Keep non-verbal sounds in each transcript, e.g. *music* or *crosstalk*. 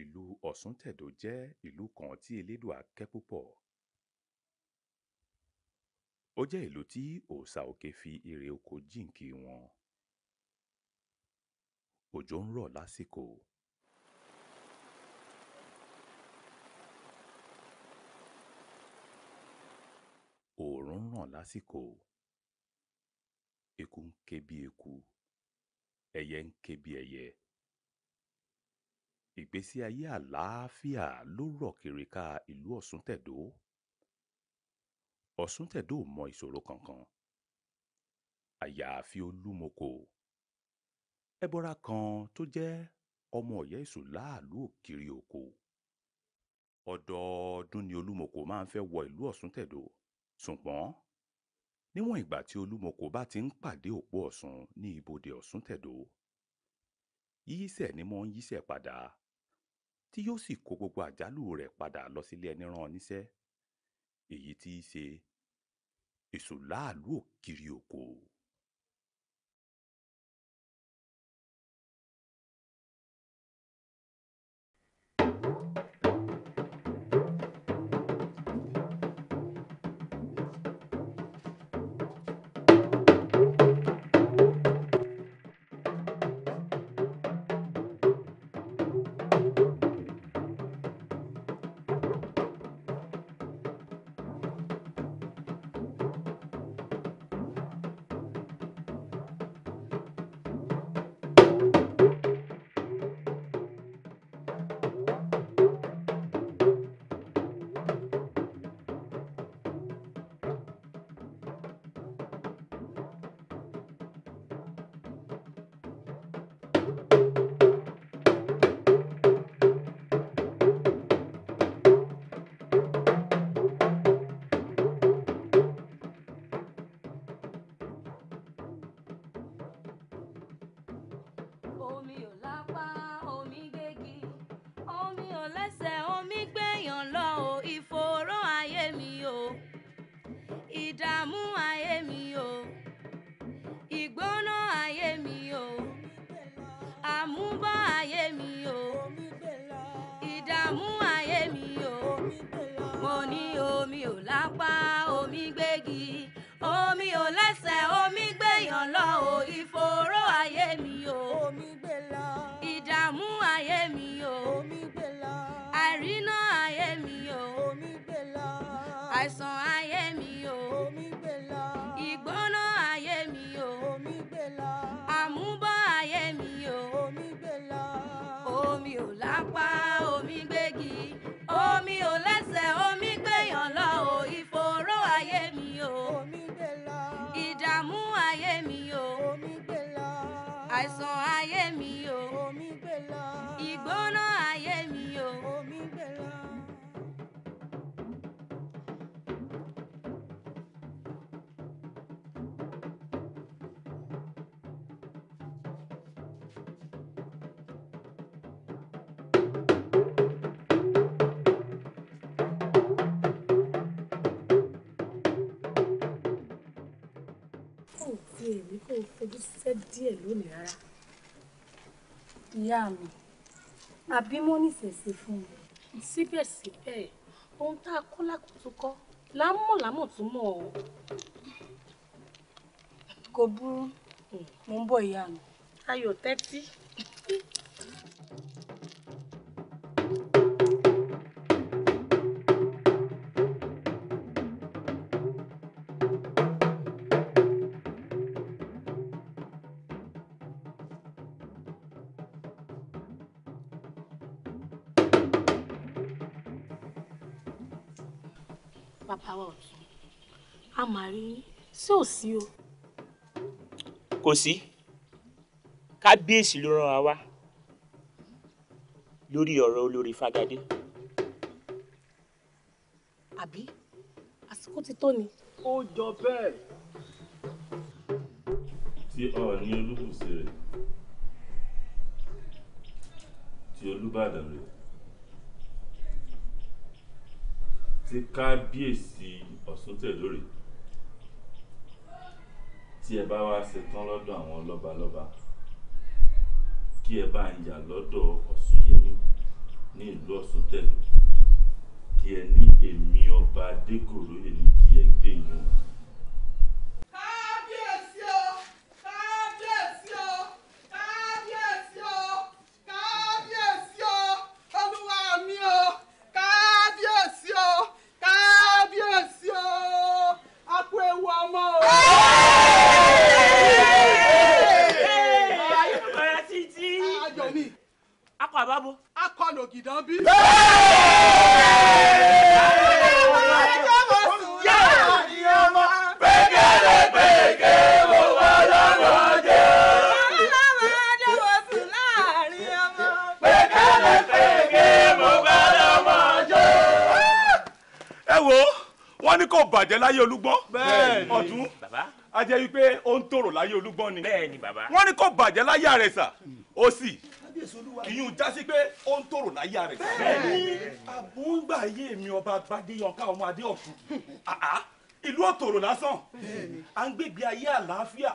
Ìlú Ọ̀ṣun-Tẹ̀dó jẹ́ ìlú kan tí elédùà kẹ́ púpọ̀. Ó jẹ́ ìlú tí òòṣà òkè fi irè oko jíǹkì wọn. Òjò ń rọ̀ lásìkò. Oòrùn ń ràn lásìkò. Eku ń ké bí eku. Ẹyẹ ń ké bí ẹyẹ. Ìgbésí ayé àlàáfíà ló rọ̀ kiri-ká ìlú Ọ̀ṣun-Tẹ̀dó. Ọ̀ṣun-Tẹ̀dó ò mọ ìṣòro kankan. Àyàfi Olúmo kò. Ẹbọra kan tó jẹ́ ọmọ ọ̀yá èṣù láàlú òkiri òkò. Ọdọọdún ni Olúmo kò máa ń fẹ́ wọ ìlú Ọ̀ṣun-Tẹ̀dó. Ṣùgbọ́n níwọ̀n ìgbà tí Olúmo kò bá ti ń pàdé òpó Ọ̀ṣun ní ibodè Ọ̀ṣun-Tẹ̀dó, yíyísẹ̀ ni mọ́ ń yísẹ̀ padà tí yóò sì kó gbogbo àjálù rẹ̀ padà lọ sílé ẹni rán níṣẹ́ èyí tí í ṣe èṣù láàlú òkiri òkò. èmi kò fojú ṣiṣẹ́ díẹ̀ lónìí rárá ìyá mi àbímọ níṣẹṣe fún mi síbẹ̀síbẹ̀ ohun tá a kọ́ lákòótú kọ́ là ń mọ̀ lámọ̀ tó mọ̀ ọ́ kò burú mo ń bọ̀ ìyá mi ayọ̀ tẹ́tí. ọwọ́ ọ̀tún a máa rí yín sí ò sí o. kò sí kábíyèsí ló rán wa wá lórí ọ̀rọ̀ olórí Fágádé. àbí àsìkò ti tó ni. ó jọ bẹ́ẹ̀. tí Ọọ̀ni Olúbùṣe rẹ̀ tí Olúbàdàn rẹ̀. tí kábíyèsí ọ̀ṣọ́tẹ̀lórè tí ẹ bá wá ṣetán lọ́dọ̀ àwọn lọ́balọ́ba kí ẹ bá ń yà lọ́dọ̀ ọ̀ṣunyẹmí ní ìlú ọ̀ṣọ́tẹ̀lù kí ẹ ní èmi ọba adégòròyè ní kí ẹ gbé yín ọba adéyọká ọmọ adéọ̀sùn ìlú òtòrò lásán à ń gbègbè ayé àlàáfíà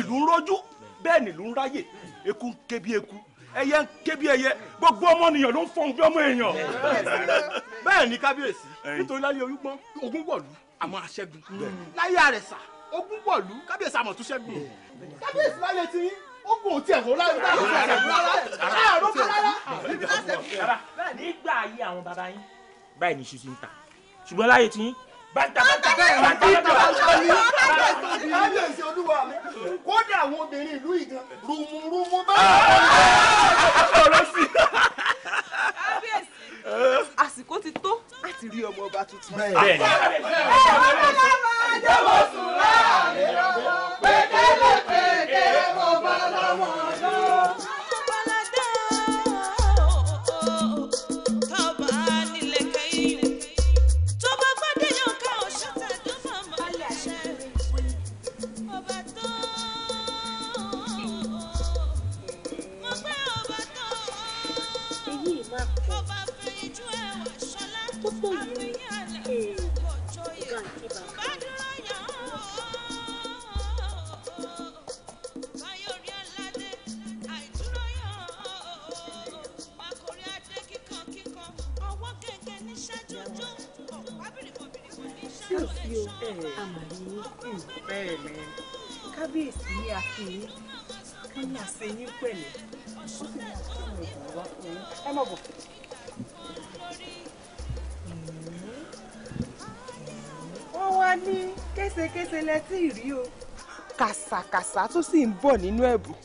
ìlú ń rọjú bẹ́ẹ̀ ni ìlú ń ráyè eku ń ké bí eku ẹyẹ ń ké bí ẹyẹ gbogbo ọmọnìyàn ló ń fọ́n bí ọmọ èèyàn bẹ́ẹ̀ ni kábíyèsí nítorí láyé oyúgbọ́n ogun wọ̀lú àmọ́ aṣẹ́gun láyé àrẹ̀sà ogun wọ̀lú kábíyèsí àmọ́ tún ṣẹ́gun kábíyèsí láyé tí ogun ò tiẹ̀ wọ́n láyé rárá rárá rárá rárá nígbà ayé àwọn baba yín báyìí ní ṣíṣe ń ta ṣùgbọ́n láyé tí bàtà bàtà bẹ́ẹ̀ bàtà bàtà bàtà ní kábíyèsí olúwa mi kódà àwọn obìnrin ìlú ìgan rùmùrùmù báyìí. ọ̀rọ̀ sí àsìkò ti tó láti rí ọmọ ọba tuntun. bẹ́ẹ̀ ni ọmọ náà jẹ́wọ́ sùn láàrin ọmọ pẹ̀tẹ́lẹ̀ pẹ̀tẹ́ ọmọ ọba lọ́wọ́ ọjọ́. àkàsà tún sì ń bọ̀ nínú ẹ̀bùn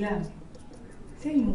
ìyá mi sẹ́yìn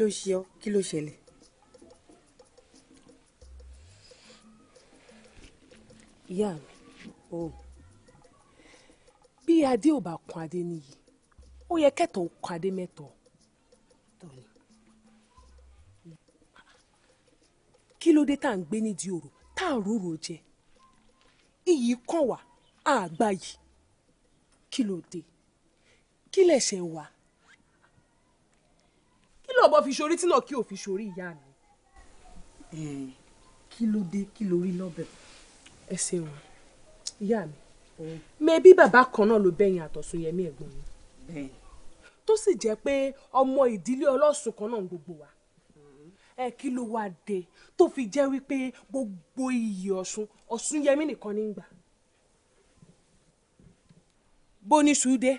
ló ṣe ọ kí ló ṣẹlẹ̀. ìyá mi o bí adé ò bá kun adé nìyí ó yẹ kẹtọ ò kun adé mẹtọ kí ló dé tá à ń gbé nídìí òrò tá à ń jẹ iyì kàn wá àgbà yìí kí ló dé kí lẹ̀ṣẹ̀ wá ọ̀bọ fi ṣorí tí náà kí o fi ṣorí ìyá mi. kí ló dé kí ló rí lọ́bẹ̀. ẹ ṣeun ìyá mi mẹbí bàbá kan náà ló bẹ̀yìn àtọ̀sùn yẹmí ẹ̀gbọ́n mi tó sì jẹ́ pé ọmọ ìdílé ọlọ́sùn kan náà gbogbo wa ẹ kí ló wá dé tó fi jẹ́ wípé gbogbo iyì ọ̀sùn ọ̀sùn yẹmí nìkan ní gbà bóníṣu dé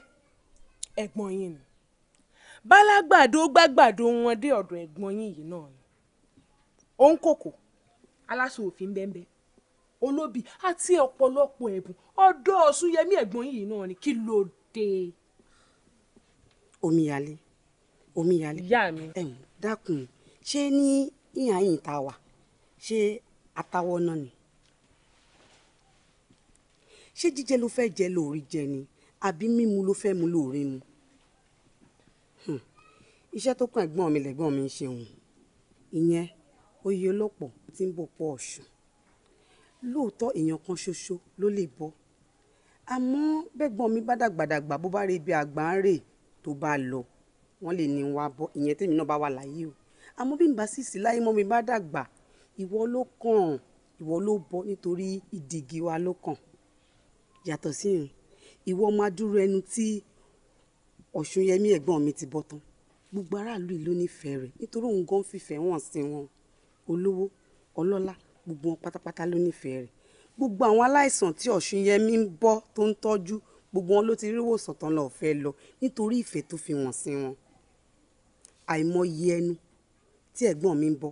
ẹ̀gbọ́n yín ni bálágbàdo gbàgbàdo wọn dé ọ̀dọ̀ ẹ̀gbọ́n yín yìí náà ni òun kòkò aláṣọ òfin bẹ́ẹ̀ olóbì àti ọ̀pọ̀lọpọ̀ ẹ̀bùn ọ̀dọ̀ ọ̀ṣunyẹmí ẹ̀gbọ́n yìí náà ni kí ló dé. omíyalé omíyalé ìyá mi dákun ṣé ní ìhà yìí wà ṣé àtàwọ̀ náà ni ṣé jíjẹ ló fẹ́ jẹ lórí jẹ ni àbí mímu ló fẹ́ mu lórí mu iṣẹ́ tó kàn ẹ̀gbọ́n mi lẹ̀gbọ́n mi ń ṣe òun ìyẹn oyè olópọ̀ tí ń bò pọ̀ ọ̀ṣun lóòótọ́ èèyàn kan ṣoṣo ló lè bọ́ àmọ́ bẹ́gbọ́n mi bá dàgbàdàgbà bó bá rí ibi àgbà ń rè tó bá lọ wọ́n lè ní wá bọ́ ìyẹn tèmi náà bá wà láyé o àmọ́ bí n bá sì sí láyé mọ́ mi bá dàgbà ìwọ ló kàn ìwọ ló bọ́ nítorí ìdígi wa ló kàn yàtọ̀ síyẹn ìwọ máa dúró ẹnu tí ọ̀ṣun yẹmí ẹ̀gbọ́n mi ti bọ́ tán gbogbo aráàlú yìí ló nífẹ̀ẹ́ rẹ̀ nítorí òun gan fìfẹ́ hàn sí wọn olówó ọlọ́lá gbogbo wọn pátápátá ló nífẹ̀ẹ́ rẹ̀ gbogbo àwọn aláìsàn tí ọ̀ṣunyẹmí ń bọ́ tó ń tọ́jú gbogbo wọn ló ti rí wòsàn tán lọ́ọ́ fẹ́ lọ nítorí ìfẹ́ tó fi hàn sí wọn àìmọye ẹnu tí ẹ̀gbọ́n mi ń bọ́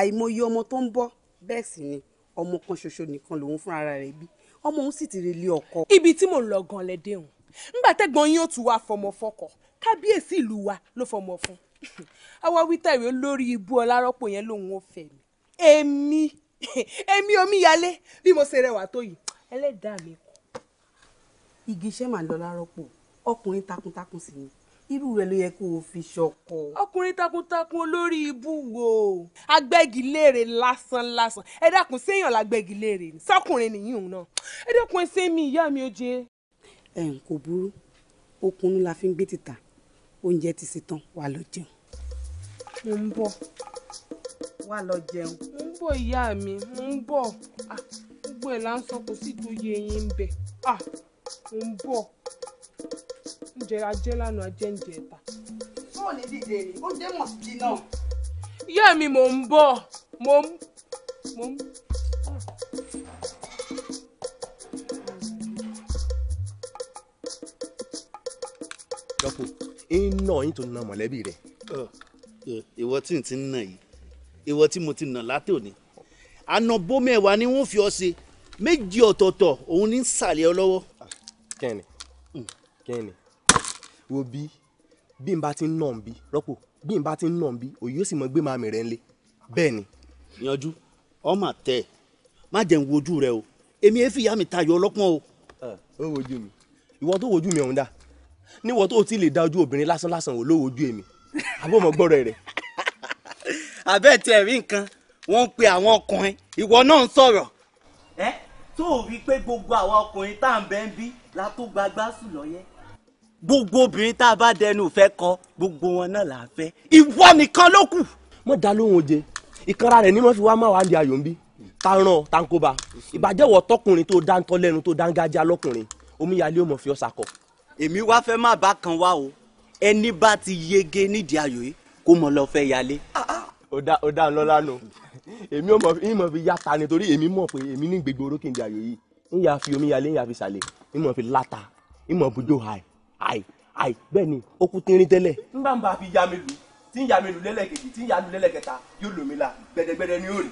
àìmọye ọmọ tó ń bọ́ bẹ́ẹ̀ sì ni ọmọ kan ṣoṣo nìkan lòun fúnra rẹ̀ bí ọmọ òun sì ti relé ọkọ. ibi tí mò ń lọ gan-an lẹ́dẹ̀ẹ́hùn ńgbà tẹ́gbọ́n yín ó tún wá fọmọ fọkọ kábíyèsí ìlú wa ló fọmọ fún àwa *laughs* wíta ìwé lórí ibú ọlárọ́pò yẹn lòun ò fẹ́ mi èmi *laughs* èmi omíyalé bí mo ṣe rẹwà tó yìí ẹlẹ́dàá mi kù. igi iṣẹ́ màá lọ lárọ́pò ọkùnrin takuntakun sì ni irú rẹ̀ ló yẹ kó o fi ṣọkọ. ọkùnrin takuntakun olórí ibú wo agbẹ́gilére lásánlásán ẹ dákun séèyàn lágbẹ́gilére ni sọkùnrin nìyí òun náà ẹ dákun ẹ sẹ́mi ìyá mi ò jẹ́ ẹ̀ǹ kò burú okùnrin la fi ń gbé títà oúnjẹ ti sì tán wà lọ jẹun. mo ń bọ̀ wà lọ jẹun. mo ń bọ̀ ìyá mi mo ń bọ̀ gbogbo ẹ̀ là kò sí ìtòyè eyín ń bẹ̀ mo ń bọ̀ oúnjẹ ajẹ́ lánàá ajẹ́ ń jẹ ẹ̀ta. fóònù ní dìde ni oúnjẹ mọ̀ sí náà. ìyá mi mò ń bọ̀ mò ń. ń nà yín tó na mọ̀lẹ́bí rẹ̀. ìwọ tí n ti nà yìí ìwọ tí mo ti nà látò ní ànàbó mẹ́wàá ni wọ́n fi ọ ṣe méjì ọ̀tọ̀ọ̀tọ̀ òun ní sàlẹ̀ ọ lọ́wọ́. Ah, kẹ́ni kẹ́ni wo bí bí n bá ti ń nà ń bí rọ́pò bí n bá ti nà ń bí òye ó sì mọ gbé màmí rẹ̀ ńlẹ̀ bẹ́ẹ̀ ni. yanjú ọmọ tẹ má jẹun wojú rẹ o èmi èéfì yá mi tayọ ọlọ́pọ́n o. ó wojú mi ìwọ tó wojú mi ọ̀hún dáa níwọ tó ti lè da ojú obìnrin lásán lásán wò lówó ojú èmi àbọ̀ mọ̀ gbọ́rọ̀ rẹ̀. *laughs* àbẹ́ tí ẹ̀rí nǹkan wọ́n ń pe àwọn ọkùnrin ìwọ náà ń sọ̀rọ̀. ẹ tó o rí i pé gbogbo àwọn ọkùnrin tá à ń bẹ́ ń bí la tó gbagbá sùn lọ́yẹ́ gbogbo obìnrin tá a bá dẹnu fẹ́ kọ gbogbo wọn náà là á fẹ́ ìwọ nìkan ló kù. mo dá lóhùn oje ìkanra rẹ ni mo fi wá máa wá di ayò ń bí ta ràn ta ìbàjẹ́wọ̀ tọkùnrin tó dáńtọ́ lẹ́nu tó dáńgájá lọ́kùnrin omíyalé ò mọ̀ fi ọ́ sakọ̀ èmi wá fẹ́ má bá kan wá o ẹni bá ti yege nídìí ayò yìí kó mọ lọ fẹ́ yálé. ó dá ó dá lọ́lá nù èmi ò mọ̀ fi ìmọ̀ fi yàtà nítorí èmi mọ̀ pé èmi ní gbègbè orókè ìdí ayò yìí ń yà fi omi yálé ń yà fi sàlẹ̀ ìmọ̀ fi láta ìmọ̀ bujó àì àì àì bẹ́ẹ̀ ni ó kú tínrín tẹ́lẹ̀. ń bá ń bá fi ya mi lù tí ń ya mi lù lẹ́lẹ́kejì tí ń ya lù lẹ́lẹ́kẹta yóò lò mí la gbẹdẹgbẹdẹ ni ó rí.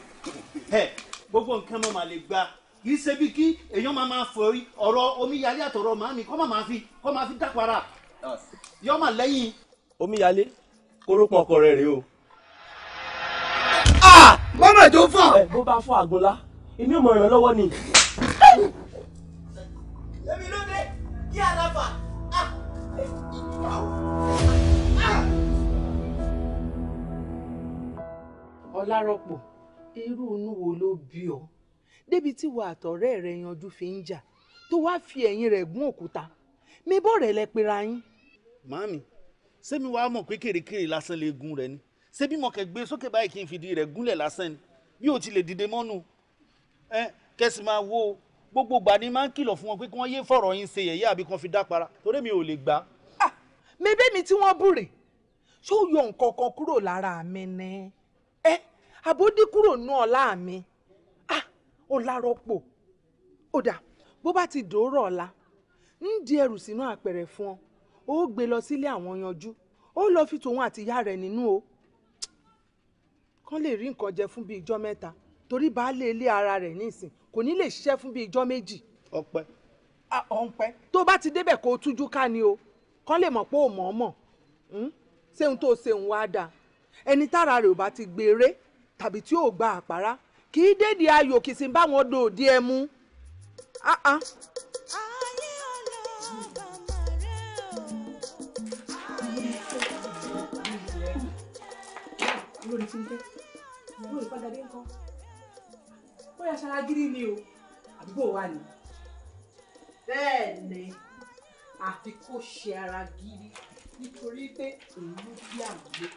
gbogbo nǹkan mọ̀ màá le gbá kì í ṣe bí kí èèyàn máa máa fọ ọ̀rọ̀ omíyalé àtọ̀rọ̀ màámi kọ́ máa fi kọ́ máa fi dápara yọ́ mà lẹ́yìn. omíyalé kórópọ̀ ọkọ rẹ̀ rèé o. mọ́nà ètò fà. bó bá fọ àgùnlá èmi ò mọ ìrànlọ́wọ́ ni. èmi ló dé kí àlàfà. ọlárọ̀pọ̀ irú inú wo ló bí ọ débi tí wà àtọ̀rẹ́ rẹ̀ yanjú fi ń jà tó wáá fi ẹ̀yìn rẹ̀ gún òkúta mi bọ́ rẹ̀ lẹ pera yín. màámi sẹ́mi wàá mọ̀ pé kèrèkèrè lásán lè gun rẹ̀ ni sẹ́mi mọ̀ kẹ́ gbé e sókè báyìí kí n fìdí rẹ̀ gúnlẹ̀ lásán ni bí o ti lè dìde mọ́nu ẹ kẹ́sì máa wo gbogbo gbà ni máa ń kìlọ̀ fún wọn pé kí wọ́n yé fọ̀rọ̀ yín ṣe yẹ̀yẹ́ àbí kan fi dá para torí mi ò lè gbà. ah mebí mi tí wọ́n búre ṣó yọ nǹkan kan kúrò lára mi ni ẹ àbódí kúrò nù ọ́ láàmì ó lárọ́pò ó dà bó bá ti dòórọ̀ ọ̀la ń di ẹrù sínú àpẹrẹ fún ọ ó gbé lọ sílé àwọn yanjú ó lọ fi tòun àti ìyá rẹ̀ nínú o kán lè rí nǹkan jẹ fún bíi ijọ́ mẹ́ta torí baálé ilé ara rẹ̀ nísìn kò ní lè ṣiṣẹ́ fún bíi ijọ́ méjì. ọpẹ. ọpẹ. tó bá ti débẹ̀ kó o tújú ká ni o kán lè mọ̀ pé ò mọ̀ ọ́ mọ̀ hmm? ṣéun tó ṣeun wá dáa ẹni tára rẹ̀ ò bá ti gbèrè tàbí tí ò gba àpárá kì í dèdè ayò kì í sì báwọn do òdi ẹ mú. bóyá àfi kó ṣe ara gírí nítorí pé òun ló bí àgbẹ̀.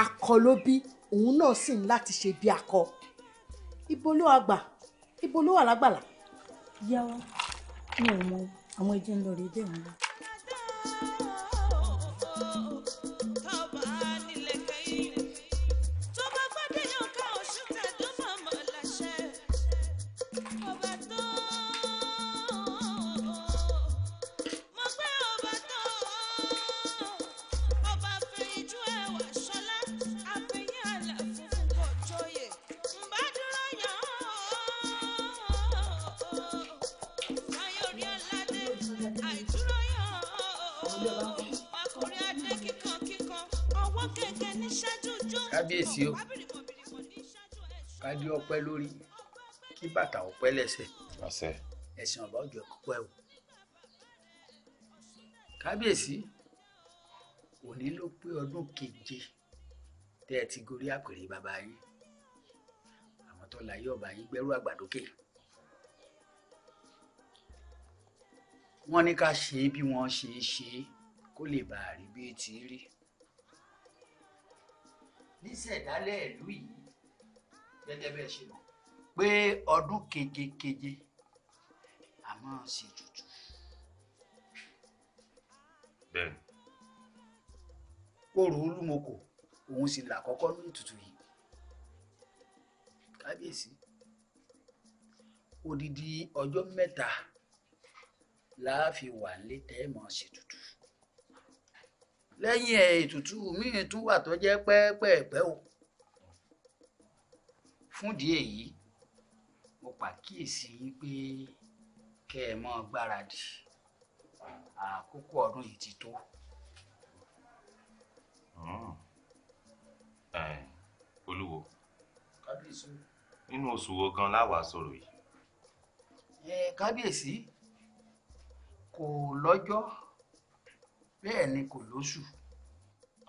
akọ ló bí òun náà sì ń láti ṣe bí akọ ibo ló àgbà ibo ló wà lágbàlá. ìyá wa mi ò mọ àwọn ẹjẹ ń lọ rí bẹ́ẹ̀ wọn lọ. bàtà ọpẹ lẹsẹ ẹsìn ọba òjò kúkú ẹ wò kábíyèsí òní ló pé ọdún keje tẹ ẹ ti gorí àpèrè bàbá yín àwọn tó láyé ọba yín gbẹrú àgbàdókè wọn ní ká ṣe bí wọn ṣe ṣe kó lè bá a rí bí ó ti rí níṣẹ̀dálẹ̀ ìlú yìí gẹ́gẹ́ bẹ́ẹ̀ ṣe mọ̀ pé ọdún kejekeje a máa ṣe ètùtù. bẹ́ẹ̀. kóòrò olúmọkò òun sì là kọ́kọ́ ní ètùtù yìí kábíyèsí odidi ọjọ́ mẹ́ta láàfin wà létẹ́ mọ́ ṣètùtù lẹ́yìn ètùtù míì tún wà tó jẹ́ pẹ́ẹ́pẹ́ẹ́pẹ́ o fúndìí èyí mo pàkíyèsí yín pé kẹ́ ẹ mọ́ gbáradì àkókò ọdún yìí ti tó. Hmm. olúwo nínú oṣù wo gan láwàá sọ̀rọ̀ yìí. kábíyèsí kò lọ́jọ́ bẹ́ẹ̀ ni kò lóṣù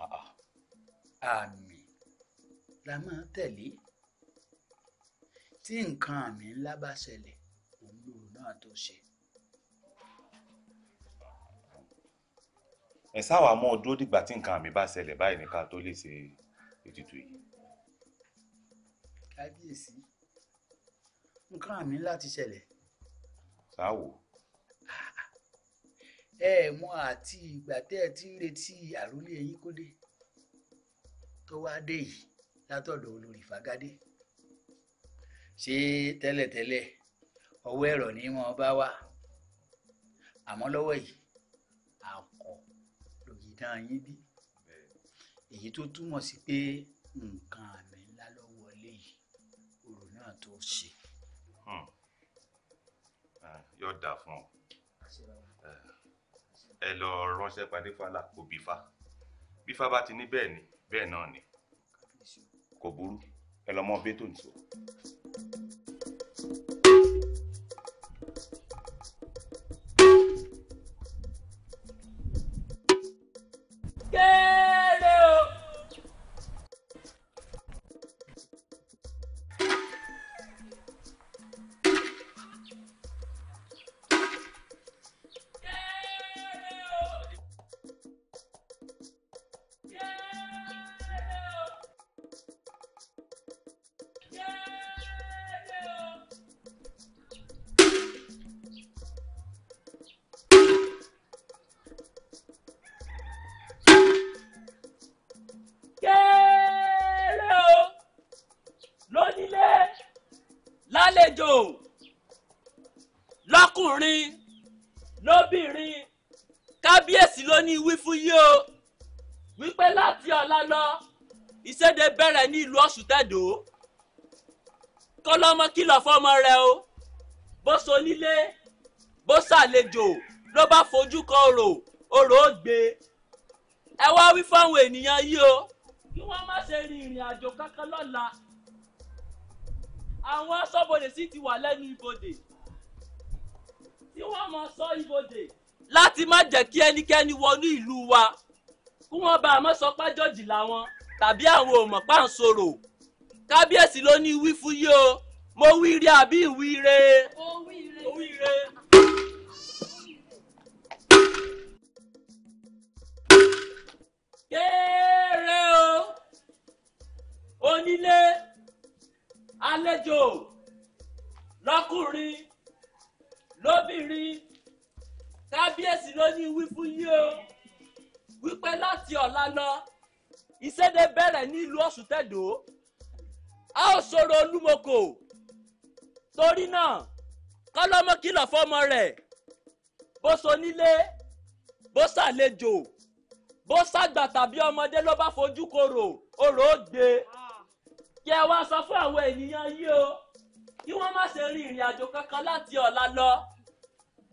ah, ah. àmì la máa tẹ̀lé tí nǹkan àmì ńlá bá ṣẹlẹ̀ òun lòrò náà tó ṣe. ẹ sáwà mọ dúró dìgbà tí nǹkan àmì bá ṣẹlẹ̀ báyìí ní ká tó lè ṣe ètùtù yìí. kábíyèsí nǹkan àmì ńlá ti ṣẹlẹ̀. sáwò. ẹ ah, ẹ mọ àti ìgbà tẹ́ ẹ ti ń retí àròlé ẹ̀yin kó dé tó wá dé yìí látọ̀dọ̀ olórí fàgádé ṣé tẹ́lẹ̀tẹ́lẹ̀ ọwọ́ ẹ̀rọ ni wọ́n bá wà àmọ́ lọ́wọ́ yìí àkọ́ lòdì dán yín bí èyí tó túmọ̀ sí pé nǹkan àmì ńlá ló wọlé yìí òrò náà tó ṣe. Hmm. Ah, yóò dà fún ọ eh, ẹ lọ ránṣẹ́ pàdé fàlà kó bífá bífá bá ti ní bẹ́ẹ̀ ni bẹ́ẹ̀ náà ni kò burú ẹ lọ mọ bẹ́tò nìṣó. Good. oṣù tẹ̀dó kọ́lọ́mọ kìlọ̀ fọ́mọ rẹ o bó sonílé bó ṣàlejò ló bá fojú kan orò orò ó gbé ẹ wá wí fáwọn ènìyàn yìí o kí wọ́n má ṣe rin ìrìn àjò kankan lọ́la àwọn aṣọ́bodè sì ti wà lẹ́nu ibodè tí wọ́n mọ sọ ibodè láti má jẹ́ kí ẹnikẹ́ni wọnú ìlú wa kí wọ́n bá a mọ́ sọ pájọ́jì làwọn tàbí àwọn òmọ̀ pàǹsòrò kábíyèsí ló ní wí fún yìí o mo wí rí àbí ìwí re. mo wí re. kéré o onílé àlejò lọ́kùnrin lóbìnrin kábíyèsí ló ní wí fún yìí wípé láti ọ̀la lọ ìséde bẹ̀rẹ̀ ní ìlú ọ̀sùn tẹ̀dọ̀ a ò sọ̀rọ̀ olúmọkò torí náà kọ́lọ́mọ kìlọ̀ fọ́mọ rẹ̀ bó so nílé bó ṣàlejò bó ṣàgbà tàbí ọmọdé ló bá fojú korò orò ó gbé kí ẹ wá sọ fún àwọn ènìyàn yìí o kí wọ́n má ṣe rin ìrìn àjò kankan láti ọ̀la lọ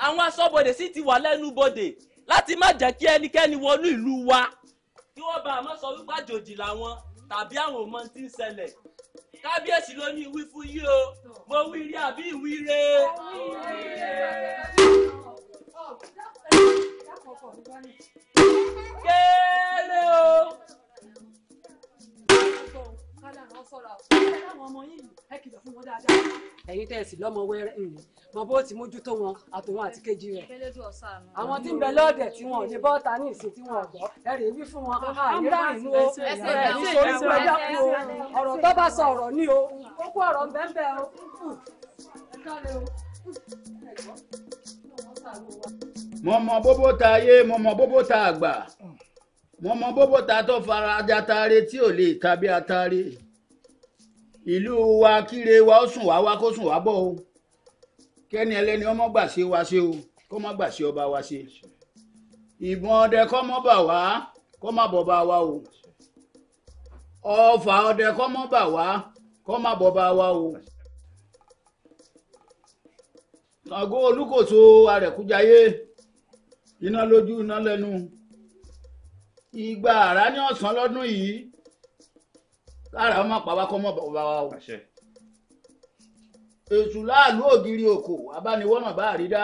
àwọn aṣọ́bodè sì ti wà lẹ́nu bodè láti má jẹ́ kí ẹnikẹ́ni wọnú ìlú wa kí wọ́n bá àmọ́ sọ wípé àjòjì làwọn tàbí àwọn ò mọ ń ṣẹlẹ̀ kábíyèsí ló ní wí fún yí o mo wí rí àbí ìwí re. kéré o fàlànà sọ̀rọ̀ ẹ láwọn ọmọ yìí tẹ́ ẹ sì lọ́mọ wẹ́rẹ́ ǹlẹ̀ mọ bó ti mójútó wọn àtòwọn àti kejì rẹ̀. àwọn tí ń bẹ lọ́ọ̀dẹ̀ tí wọn ò ní bọ́ọ̀ta ní ìsìn tí wọn ọ̀gbọ́ ẹ rèé wí fún wọn àyíká ìlú o ẹ ní sórí pẹ́ẹ́dá o ọ̀rọ̀ tó bá sọ ọ̀rọ̀ ní o kókó ọ̀rọ̀ bẹ́ẹ̀ o mọ̀mọ́ bóbó ta ayé mọ̀mọ́ bóbó ta àgbà wọ́n mọ bóbó ta tó fara ajá taare tí ò lè ta ataare ìlú wa kíre wa ó sùn wá wá kó sùn wá bọ̀ o kẹ́ni ẹlẹ́ni ọmọ gbà ṣe wa ṣe o kó má gbà ṣe ọba wa ṣe ìbọn ọdẹ kọ́ mọ́ bà wá kó má bọ̀ bá wa o ọfà ọdẹ kọ́ mọ́ bà wá kó má bọ̀ bá wa o àgọ́ olúkòso arẹ̀kújayé iná lójú iná lẹ́nu ìgbà àrá ní ọ̀sán lọ́dún yìí lára ọmọ pàwá kọ́ mọ́ bàbá wa o. èṣù láàlú ògiri òkò abániwọ́nà bá àrídá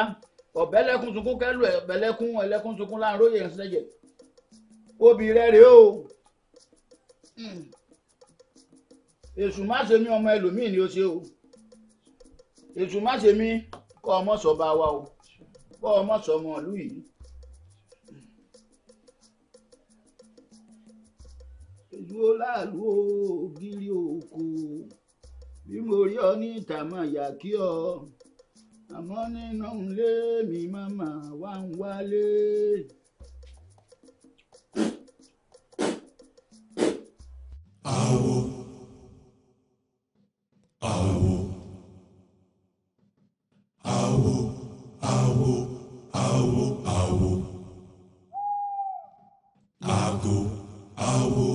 ọ̀bẹ́lẹ́kún sunkún kẹ́lù ẹ̀bẹ́lẹ́kún ẹ̀lẹ́kún sunkún láàróyè ń sẹ́jẹ̀ obì rẹ̀ rèé o hmm. èṣù má ṣe mí ọmọ ẹlòmíì ni ó ṣe o èṣù má ṣe mí kọ́ ọmọ sọ bá wa o kọ́ ọmọ sọ ọmọ ìlú yìí dúró láàlú ògiri òkú bí mo rí ọ ní ìta máa yà kí ọ àmọ́ nínú ilé mi màmá wà ń wálé. àwo àwo àwo àwo àwo àwo àgò àwo.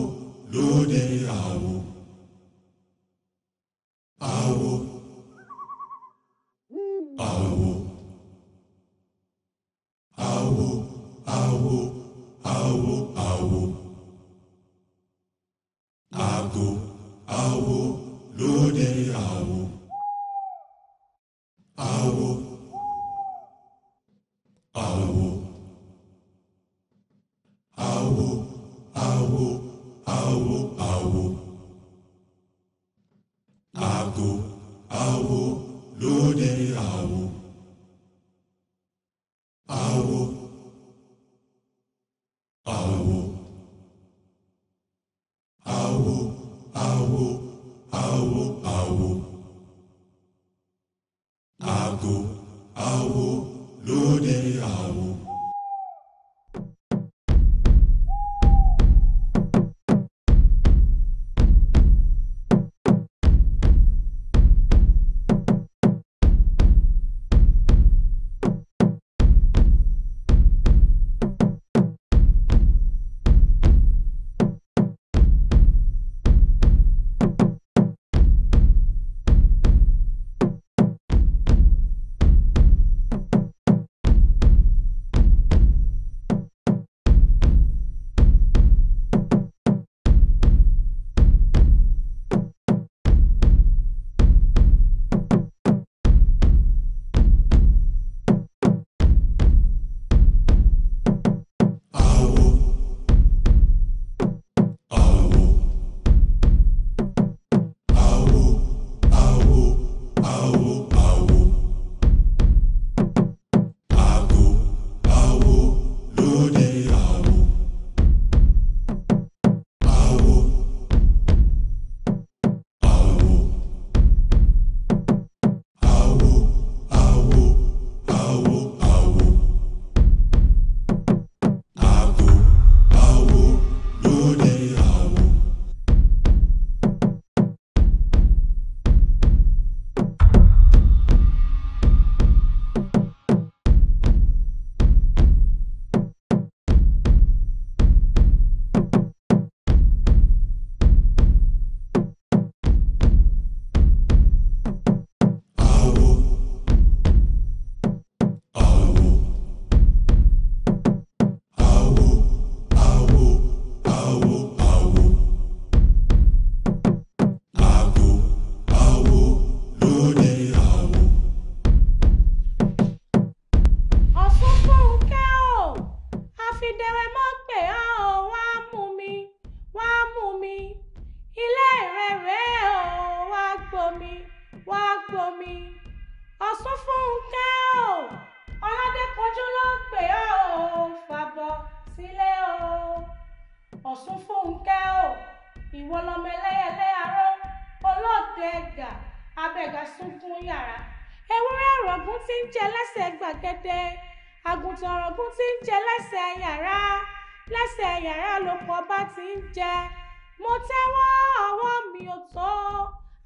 mi ò tó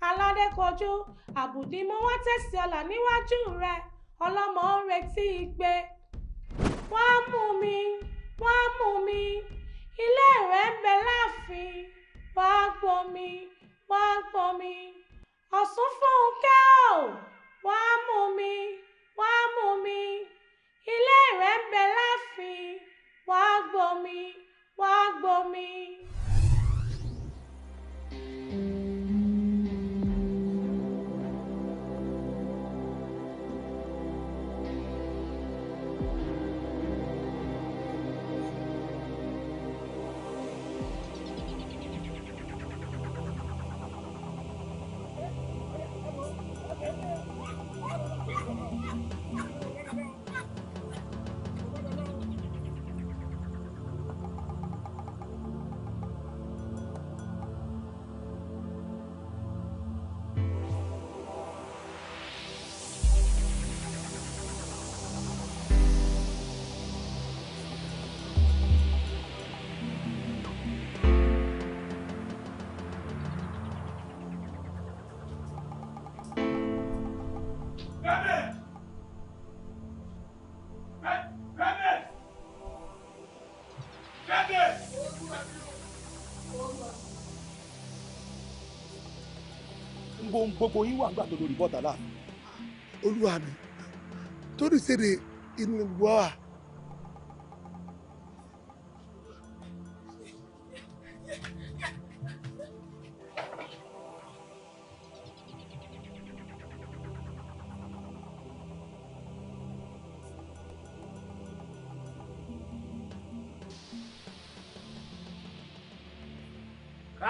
aládékọjú àbùdí mo wá tẹ̀sí ọ̀la níwájú rẹ ọlọ́mọ ń retí igbe wọ́n mú mi wọ́n mú mi ilé rẹ̀ ń bẹ láàfin wọ́n á gbọ́ mi wọ́n á gbọ́ mi ọ̀sùn fúnkẹ́ ò wọ́n á mú mi wọ́n á mú mi ilé rẹ̀ ń bẹ láàfin wọ́n á gbọ́ mi wọ́n á gbọ́ mi. thank you gbogbo yín wà nígbà tó lórí bọ́ta láàfin. olúwa mi torí ṣeré inú gbọ́ wa.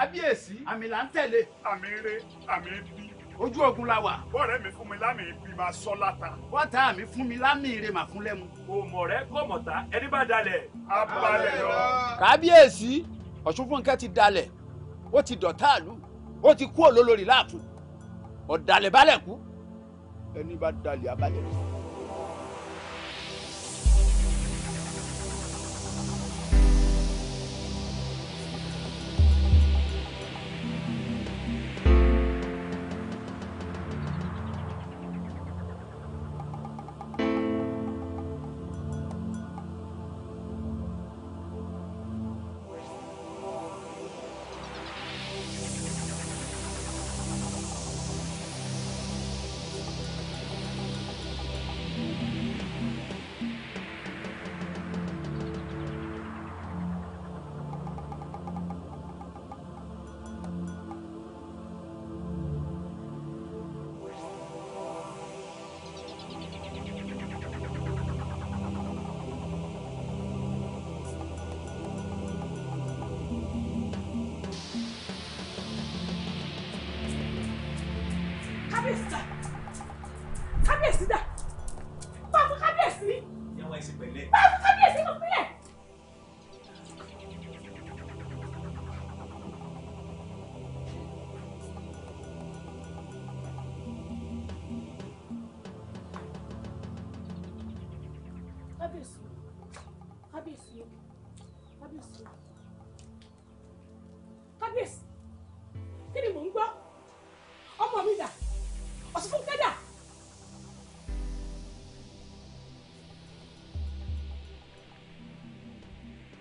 kábíyèsí àmì là ń tẹ̀lé. àmì rẹ àmì dídí ojú ogun la wà. bọ́ọ̀rẹ́ mi fún mi lámì ìpín máa sọ láta. bọ́tà mi fún mi lámì ìrè máa fún lẹ́mu. òmò rẹ kọ̀mọ̀tà ẹni bá dalẹ̀ abalẹ̀ lọ. kábíyèsí ọ̀ṣunfúnkẹ́ ti dalẹ̀ ó ti dọ̀tá ìlú ó ti kú olólórí láàfin ọ̀dàlẹ̀ balẹ̀ kú ẹni bá dalẹ̀ abalẹ̀ lọ.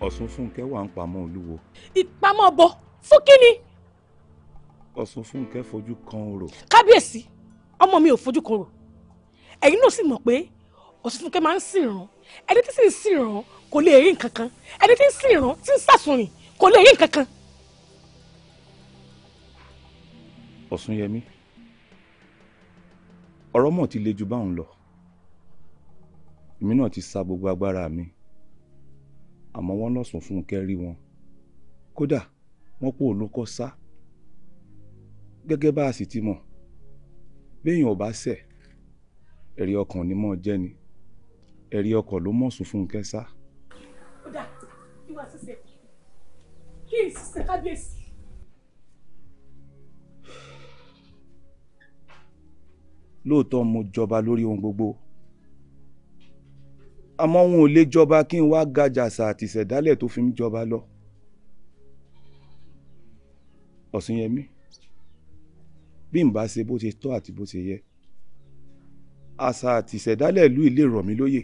ọ̀sùn fúnkẹ́ wà ń pamọ́ olúwo. ìpamọ́ bọ fún kínni. ọ̀sùn fúnkẹ́ fojú kan orò. kábíyèsí ọmọ mi ò fojú kan orò ẹ̀yin náà sì mọ̀ pé ọ̀sùn fúnkẹ́ máa ń sìnrán ẹni tí sì ń sìnrán kò lè rí nǹkan kan ẹni tí ń sìnrán tí ń sàsùnrìn kò lè rí nǹkan kan. ọ̀sùn yẹmi ọ̀rọ̀ mọ̀ ti le ju báwọn lọ èmi náà ti sa gbogbo agbára mi àmọ́ wọ́n náà sùn fún kẹ́rí wọn kódà wọ́n pò ló kọ́ sá gẹ́gẹ́ bá a sì ti mọ̀ béèyàn ò bá ṣẹ̀ ẹ̀rí ọkàn ni mọ̀ jẹ́ ni ẹ̀rí ọkàn ló mọ̀ sùn fún kẹ́sà. kódà ìwà sísè kí n sísè kábíyèsí. lóòótọ́ mo jọba lórí ohun gbogbo àmọ́ wọn ò lè jọba kí n wá gajàsà àti ìṣẹ̀dálẹ̀ tó fi ń jọba lọ. ọ̀sìnyẹmí bí n bá ṣe bó ṣe tọ́ àti bó ṣe yẹ àṣà àti ìṣẹ̀dálẹ̀ ìlú ilé rọ̀ mí lóyè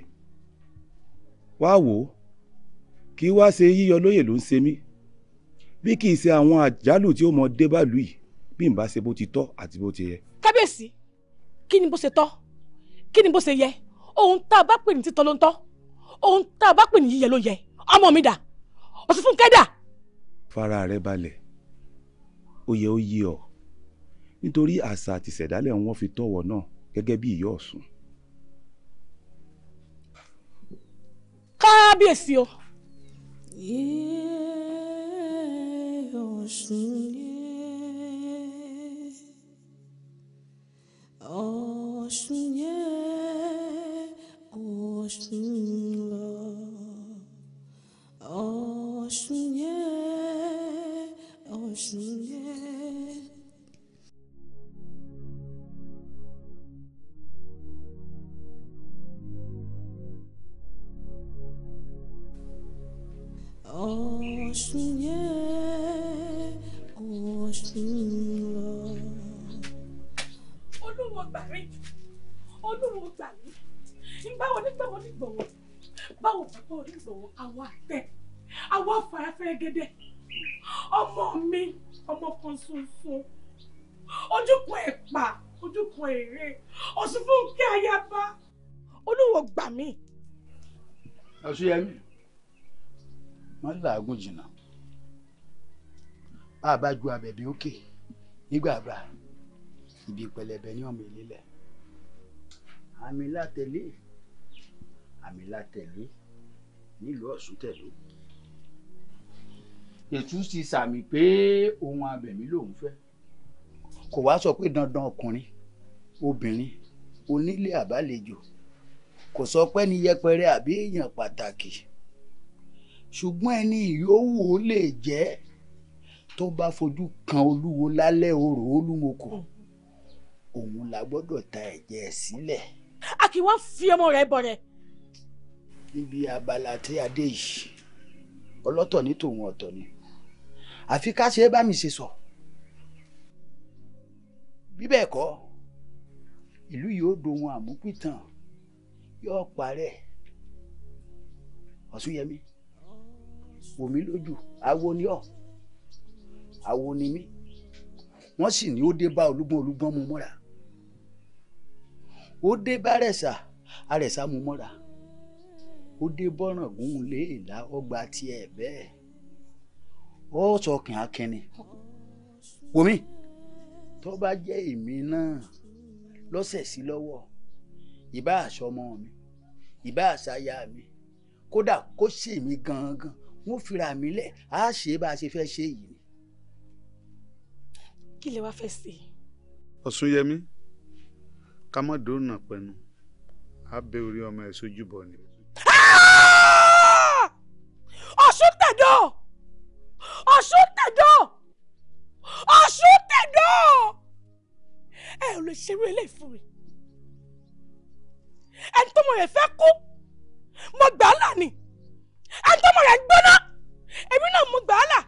wá wò ó kí wá ṣe yíyọ lóyè ló ń ṣe mí bí kì í ṣe àwọn àjálù tí ó mọ dé bá lù bí n bá ṣe bó ti tọ́ àti bó ti yẹ. kábíyèsí kí ni bó ṣe tọ́ kí ni bó ṣe yẹ ohun tá a bá pè ní títọ́ ló ń tọ́ ohun tá a bá pè ní yíyẹ ló yẹ ọmọ mi dà ọ̀sùn fún kẹ́dà. fara rẹ balẹ̀ ó yẹ ó yé ọ nítorí àṣà àti ìṣẹ̀dálẹ̀ wọn fi tọ̀wọ̀ náà gẹ́gẹ́ bí ìyá ọ̀sùn. kábíyèsí o. yé ọ̀sùn aşkınla Aşkın ye, aşkın ye Aşkın ye, aşkınla Olúwo gbà mí, Olúwo gbà mí báwo nígbàwọ nígbàwọ báwo bàbá onígbàwọ àwọn àtẹ àwọn afárafẹ ọmọ mi ọmọ kan ṣoṣo ojú ẹ̀pà ojú èrè ọ̀sùn fún kí ayaba olúwo gbà mí. ọ̀ṣùyẹmí wọ́n làágùn jìnnà bá a bá ju abẹ̀bí òkè nígbàgbà ibi pẹlẹbẹ ní ọmọ ìlélẹ̀ àmì látẹ̀lé àmìlà tẹ̀lé nílùú ọ̀ṣun tẹ̀lé ètú ti sàmì pé ohun abẹ̀mí lòun fẹ́ kò wá sọ pé dandan ọkùnrin obìnrin onílé àbálejò kò sọ pé ní yẹpẹrẹ àbí èèyàn pàtàkì ṣùgbọ́n ẹni ìyówù ó lè jẹ́ tó bá fojú kan olúwo lálẹ́ orò olúmokò òun la gbọ́dọ̀ ta ẹ̀jẹ̀ sílẹ̀. a kì í wá fi ọmọ rẹ̀ bọ̀rẹ̀ ibi abala tí a dé yìí ọlọ́tọ̀ ní tòun ọ̀tọ̀ ni àfi ká ṣe é bá mi ṣe sọ bí bẹ́ẹ̀ kọ́ ìlú yìí ó dohun àmúpìtàn yóò parẹ́ ọ̀ṣúnyẹmí wòmí lójú awo ni ọ́ awo ni mí wọ́n sì ní ó dé bá olúgbọ́n olúgbọ́n mu mọ́ra ó dé bá rẹ̀ṣà arẹ̀ṣà mu mọ́ra ó dé bọ́ràngún lé ìlà ọgbà tiẹ̀ bẹ́ẹ̀ ó sọkàn akínni wòmí tó bá jẹ́ èmi náà lọ́sẹ̀ sí lọ́wọ́ ìbá àṣọmọ mi ìbá àṣàyà mi kódà kó ṣe mí gangan wọn fira mi lẹ á ṣe bá a ṣe fẹ́ ṣe yìí. kí lè wá fẹ́ sí i. ọ̀ṣunyẹmí ká má dòónà pẹ̀lú á bẹ orí ọmọ ẹ̀ sójúbọ ni. ṣerú eléyìí fún mi ẹni tó mọ rẹ̀ fẹ́ kú mo gbà á là ni ẹni tó mọ rẹ̀ gbóná èmi náà mo gbà á là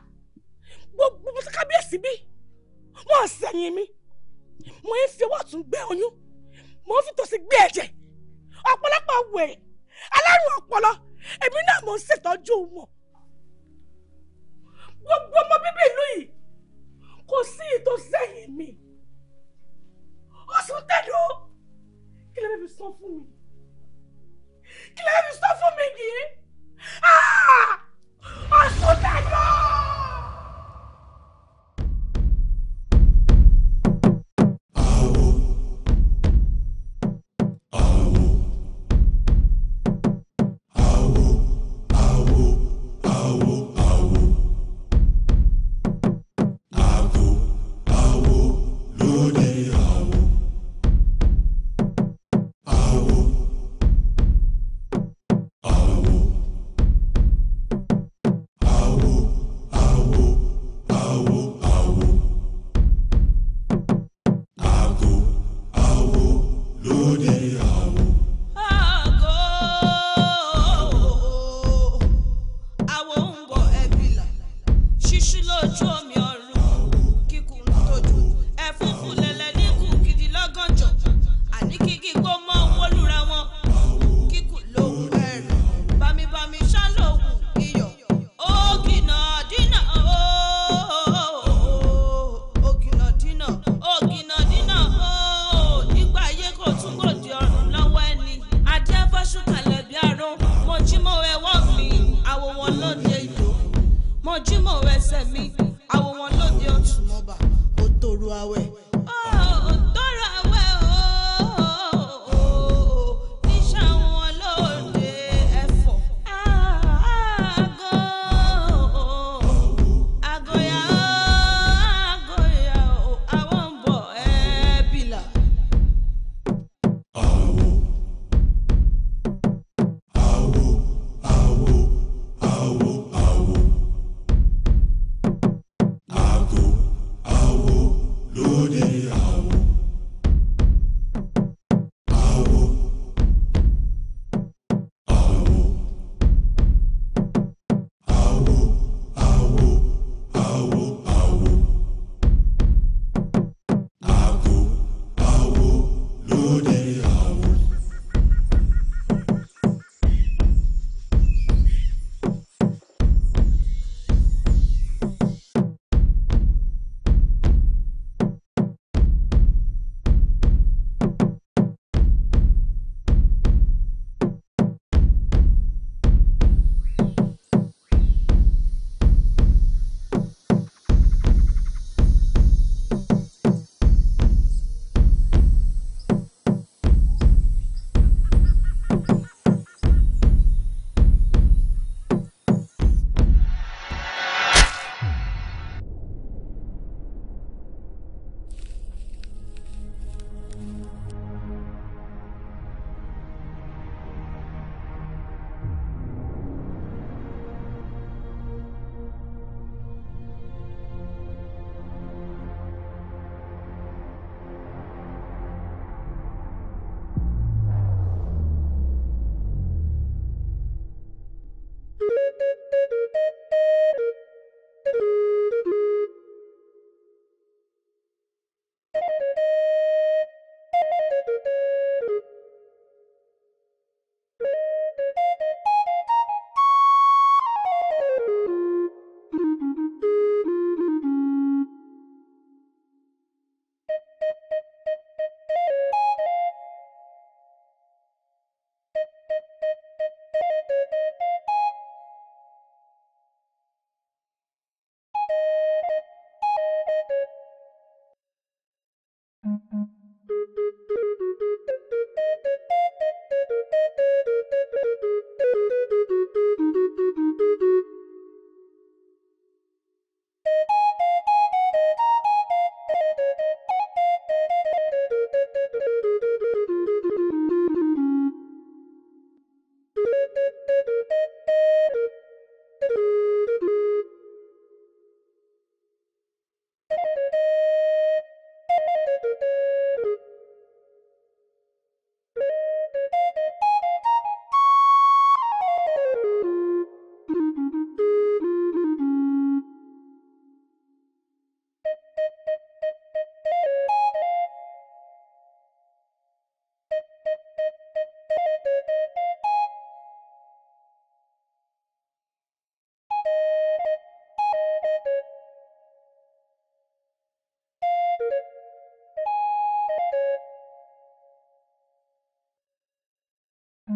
gbogbo mo kábíyèsí bí wọn sẹ́yìn mi mo ń fi ọwọ́ tún gbé oyún mo ń fi tòsí gbé ẹ̀jẹ̀ ọ̀pọ̀lọpọ̀ wèrè alárùn ọpọlọ èmi náà mo ń ṣètọ́jú wọn gbogbo ọmọ bíbí ìlú yìí kò sí ìtòsẹ́yìn mi oṣù tẹ̀dọ̀ kí lẹ́bẹ̀ẹ́ fi sọ fún mi kí lẹ́bẹ̀ẹ́ fi sọ fún mi yìí oṣù ah! tẹ̀dọ̀.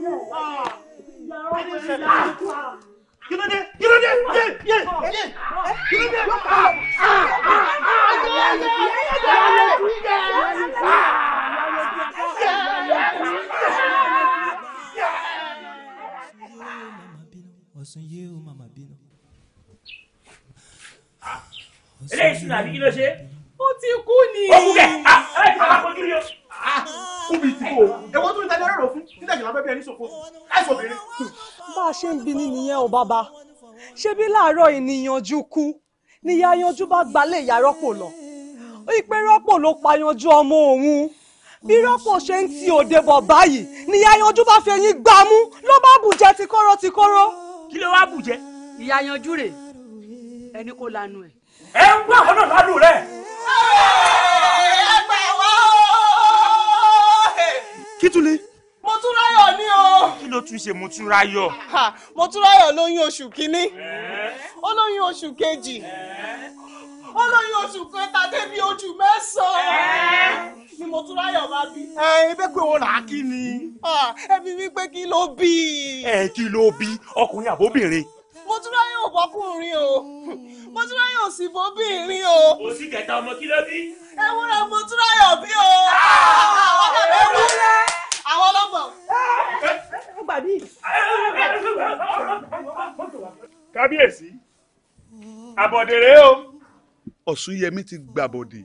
you. nìyẹn o bàbá ṣebí láàárọ̀ ìníyanjú kú níyà yanjú bá gbalẹ̀ ìyá rọ́pò lọ ìpè rọ́pò ló pa yanjú ọmọ òun bí rọ́pò ṣe ń ti òde bọ̀ báyìí níyà yanjú bá fi eyín gbámú ló bá bùjẹ tìkọ́rọ́ tìkọ́rọ́. kí ló wá bùjẹ. ìyá yanjú rèé ẹni kò lanu ẹ. ẹ ń gbọ́ àwọn náà lánàá rẹ̀. kí tún ni. Motúnráyọ̀ ni o. kí ló tún ṣe Motúnráyọ̀. Motúnráyọ̀ lóyún oṣù kínní ó lóyún oṣù kejì ó lóyún oṣù kẹta débi oṣù mẹ́sàn-án ni Motúnráyọ̀ bá bí. ẹ ẹbẹ pé wọn là á kí ni. ẹbí wípé kí ló bí. ẹ kí ló bí ọkùnrin àbóbìnrin. Motúnráyọ̀ ò bọ́kùnrin o Motúnráyọ̀ ò sì bóbìnrin o. kò sí kẹta ọmọ kí ló bí. ewúrẹ́ Motúnráyọ̀ bí o. Ah! ewúrẹ́ àwọn ọlọ́gbọ̀n. kábíyèsí àbọ̀dè rèé o. ọ̀ṣunyẹmí ti gbàbọ̀dè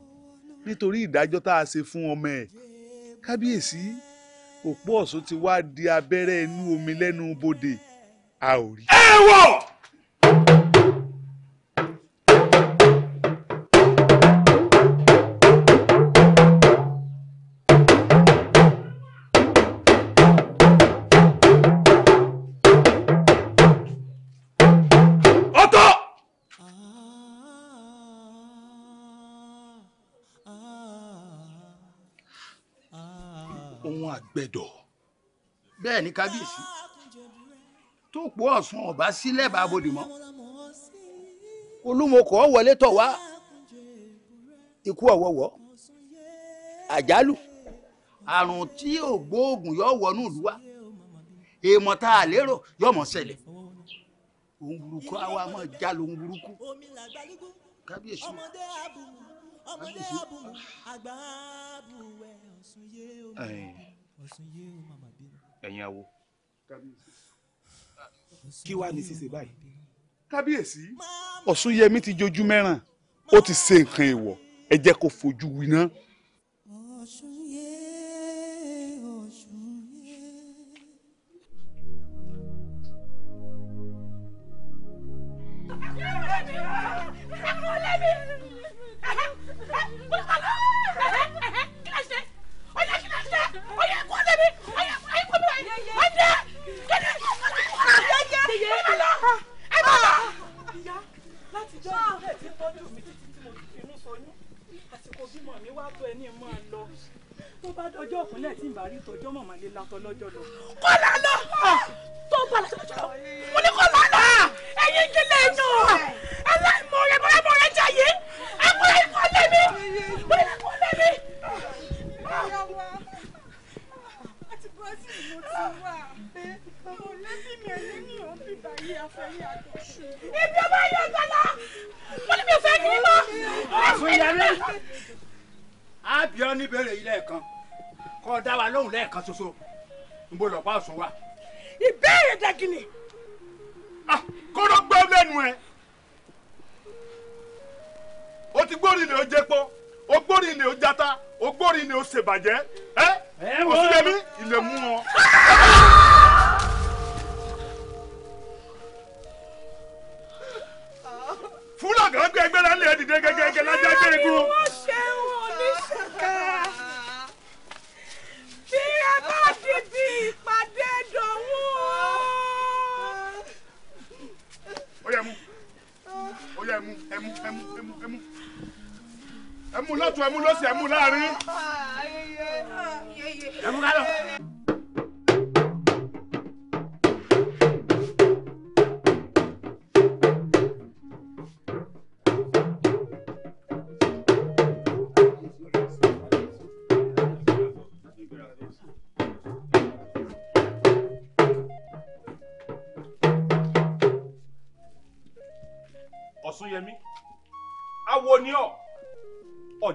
nítorí ìdájọ́ tá a ṣe fún ọmọ ẹ̀ kábíyèsí òpó ọ̀ṣun ti wá di abẹ́rẹ́ inú omi lẹ́nu bodè a ò rí. ẹ wọ. gbẹ̀dọ̀. bẹ́ẹ̀ ni kábíyèsí tó pọ̀ ọ̀sán ọ̀bá sílẹ̀ bá bodè mọ́ olúmọkọ̀ wọlé tọ̀ wá ikú ọ̀wọ́wọ́ àjálù àrùn tí ò gbóògùn yọ wọnú ìlú wa èèmọ̀ tá a lérò yọ mọ̀ ṣẹlẹ̀ òun burúkú àwa máa já lóun burúkú kábíyèsí kábíyèsí ọ̀sùn yé o màmá bínú. ẹ̀yin awo kí wàá ní ṣíṣe báyìí. kábíyèsí ọ̀sùn yẹmi ti jojú mẹ́ràn ó ti ṣe nǹkan èèwọ̀ ẹ jẹ́ kó fojú winá.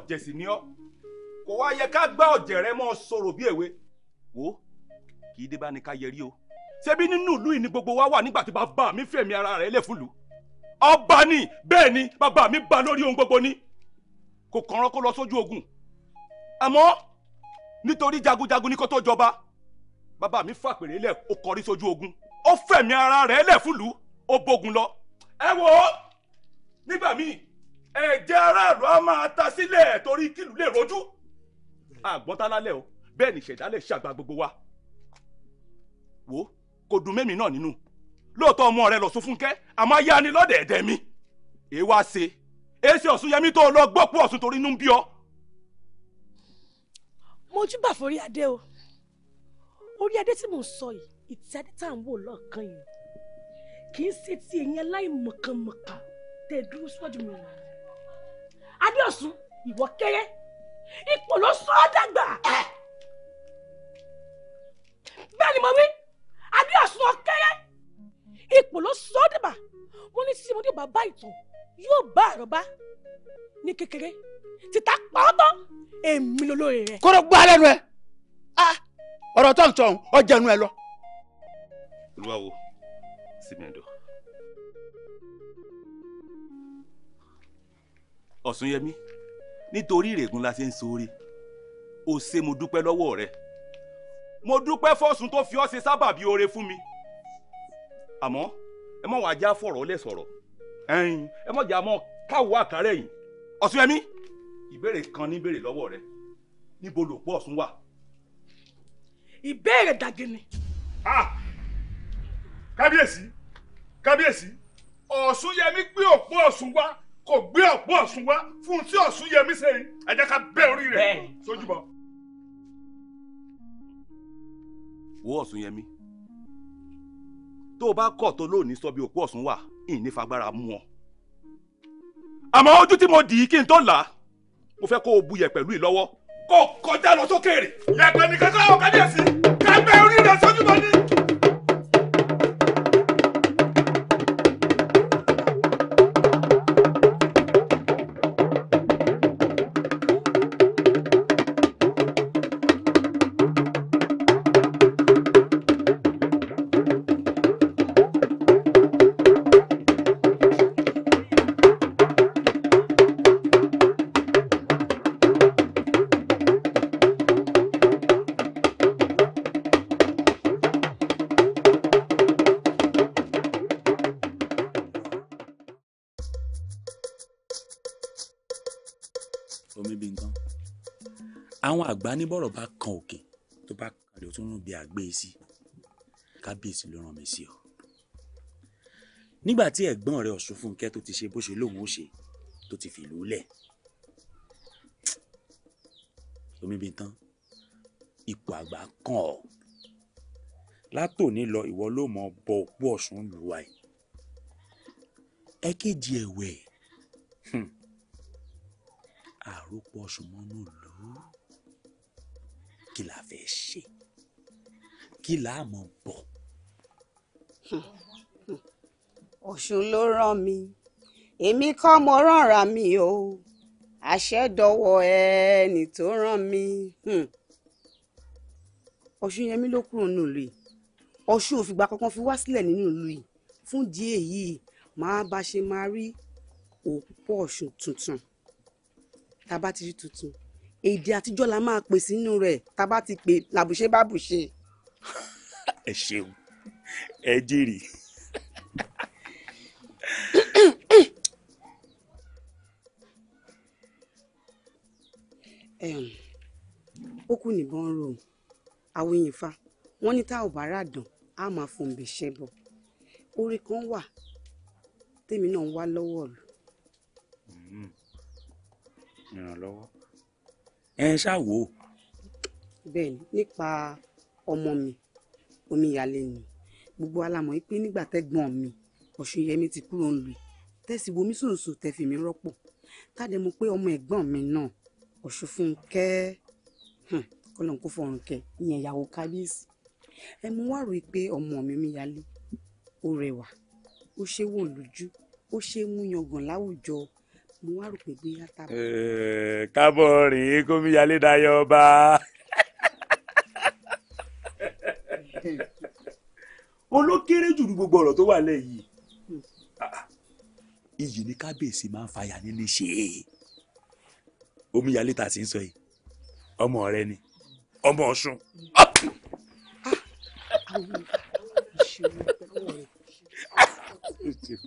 ọ̀jẹ̀ sì ni ọ́ kò wá yẹ ká gbá ọ̀jẹ̀ rẹ mọ́ sọ̀rọ̀ bí èwe wò ó kì í dé bá ní ká yẹrí o ṣebí nínú ìlú yìí ni gbogbo wa wà nígbà tí bàbá mi fẹ̀mí ara rẹ̀ lẹ̀ fúlùú ọba ni bẹ́ẹ̀ ni bàbá mi ba lórí ohun gbogbo ni kò kànrán kó lọ sójú ogun àmọ́ nítorí jagunjagun ní kó tó jọba bàbá mi fàpèrè lẹ̀ ó kọrí sójú ogun ó fẹ̀mí ara rẹ̀ lẹ̀ ó bógun lọ ẹ wò nígbà míì ẹ̀jẹ̀ aráàlú á máa ta sílẹ̀ torí kílù lè rojú àgbọ́tálálẹ̀ o bẹ́ẹ̀ ni ìṣẹ̀dálẹ̀ ṣàgbà gbogbo wa wo kò dùn mẹ́mi náà nínú lóòótọ́ ọmọ rẹ lọ sún fúnkẹ́ àmọ́ ayé ani lọ́dẹ̀ ẹ̀dẹ̀ mi èé wá ṣe èé ṣe ọ̀sùn yẹmí tó lọ gbọ́pù ọ̀sùn torí inú ń bí ọ. mo júbà forí adé o orí adé tí mò ń sọ yìí ìtì adé tá à ń wò lọ́ọ̀kan yìí kì í ṣe ti èyí aláìmọ̀kànmọ̀kàn tẹ̀ dúró síwájú mi rà á adéọ̀sùn ìwọ kéré ipò ló sọ ọ́ dàgbà bẹ́ẹ̀ ni mo wí adéọ̀sùn ọ kéré ipò ló sọ ọ́ dàgbà wọ́n ní sísè mo dé bàbá ìtàn yóò bá àròbá ní kékeré títa pa ọ́ tán èmi lolóore rẹ. kóró gbọ́ alẹ́ nu ẹ ọ̀rọ̀ tó ń sọ ọ̀hún ọjà ẹ lọ. olúwa wo sí mi ẹ̀dọ̀ ọ̀sùnyẹmí nítorí ìrègùn la ṣe ń ṣoore ó ṣe mo dúpẹ́ lọ́wọ́ rẹ mo dúpẹ́ fọ́sùn tó fi ọ́ ṣe sábàbí oore fún mi àmọ́ ẹ mọ̀ wá já fọ̀rọ̀ lẹ̀ sọ̀rọ̀ ẹ̀yin ẹ mọ̀ jà mọ́ káwọ́ àkàrẹ̀ yìí ọ̀sùnyẹmí ìbéèrè kan ní béèrè lọ́wọ́ rẹ níbo lòpọ̀ ọ̀sùn wà. ìbéèrè dàgìnì. ah kábíyèsí kábíyèsí ọ̀sùn gbé òpó ọ̀sùn wá kò gbé ọ̀pọ̀ ọ̀sùn wá fún tí ọ̀sùn yẹmí ṣe yìí ẹ jẹ́ ká bẹ́ orí rẹ̀ sójúbọ. wo ọ̀sùn yẹmí tó o bá kọ̀ tó lóòní sọ bí òpó ọ̀sùn wà ìyìn ní fagbára mú ọ. àmọ́ ojú tí mo dì í kí n tó là á mo fẹ́ kó o buyẹ̀ pẹ̀lú ìlọ́wọ́ kó o kọjá lọ sókèèrè. yẹ̀pẹ̀ nìkan kọ́ ọ̀kadì ẹ̀sìn ká bẹ́ orí rẹ̀ sójúbọ ní. yorùbá ní bọ́rọ̀ bá kan òkè tó bá kan ó tún rún bí àgbé sí kábíyèsí ló rán mi sí ọ. nígbà tí ẹ̀gbọ́n rẹ̀ ọ̀ṣun fúnkẹ́ tó ti ṣe bó ṣe lóun ó ṣe tó ti fìlú lẹ̀ omi bíi tán ipò àgbà kàn ọ́ látòní lọ ìwọ ló mọ bọ òpó ọ̀ṣun lù wá ẹ̀kejì ẹ̀wẹ̀ àròpọ̀ ọ̀ṣun mọ́nú lòó kí la fẹ́ ṣe kí la mọ̀ bọ̀. ọ̀ṣun ló rán mi èmi kọ́ mo rànra mi o àṣẹ dọwọ́ ẹni tó rán mi. Hmm. ọ̀ṣun yẹmí ló kúrò nínú ìlú yìí ọ̀ṣun òfìgbà kankan fi wá sílẹ̀ nínú ìlú yìí fún díẹ̀ yìí máa bá ṣe máa rí òpó ọ̀ṣun tuntun tá a ti rí tuntun èdè àtijọ́ la máa pè sínú rẹ̀ tá a bá ti pè làbùṣe bá bùṣe. ẹ ṣeun ẹ jèrè. ó kù níbọn ń ro àwọn òyìnfà wọn ní tá ò bá rà dàn á máa fòun bè ṣẹ bọ orí kan wà tèmi náà ń wá lọ́wọ́ rẹ̀. Hmm, ìrànlọ́wọ́. Mm ẹ ń ṣàwò. bẹ́ẹ̀ni nípa ọmọ mi omíyalé ni gbogbo alamọ yìí pé nígbà tẹ́gbọ́n mi ọ̀ṣunyẹmí ti kúrò ń lu tẹsí bomi sòǹsò tẹfì mi rọ́pò tádé mo pé ọmọ ẹ̀gbọ́n mi náà ọ̀ṣunfúnkẹ́ kọlọ́n kó fọrùn kẹ ìyẹn ìyàwó kábíyèsí ẹ mo wá rò pé ọmọ mi omíyalé ó rẹwà ó ṣe wò lójú ó ṣe mú yangàn láwùjọ mo wá rò pé bóyá ta. kábọ̀ rìn kómíyalé dayọ̀ ọba. olókéré *laughs* jù ní gbogbo ọ̀rọ̀ tó wà lẹ̀ yìí. Hmm. iyì ni kábíyèsí máa ń fàyà nílé ṣe é omíyalé ta sí ń sọ yìí ọmọ rẹ ni ọmọ ọ̀ṣun. Thank ah, *laughs* you.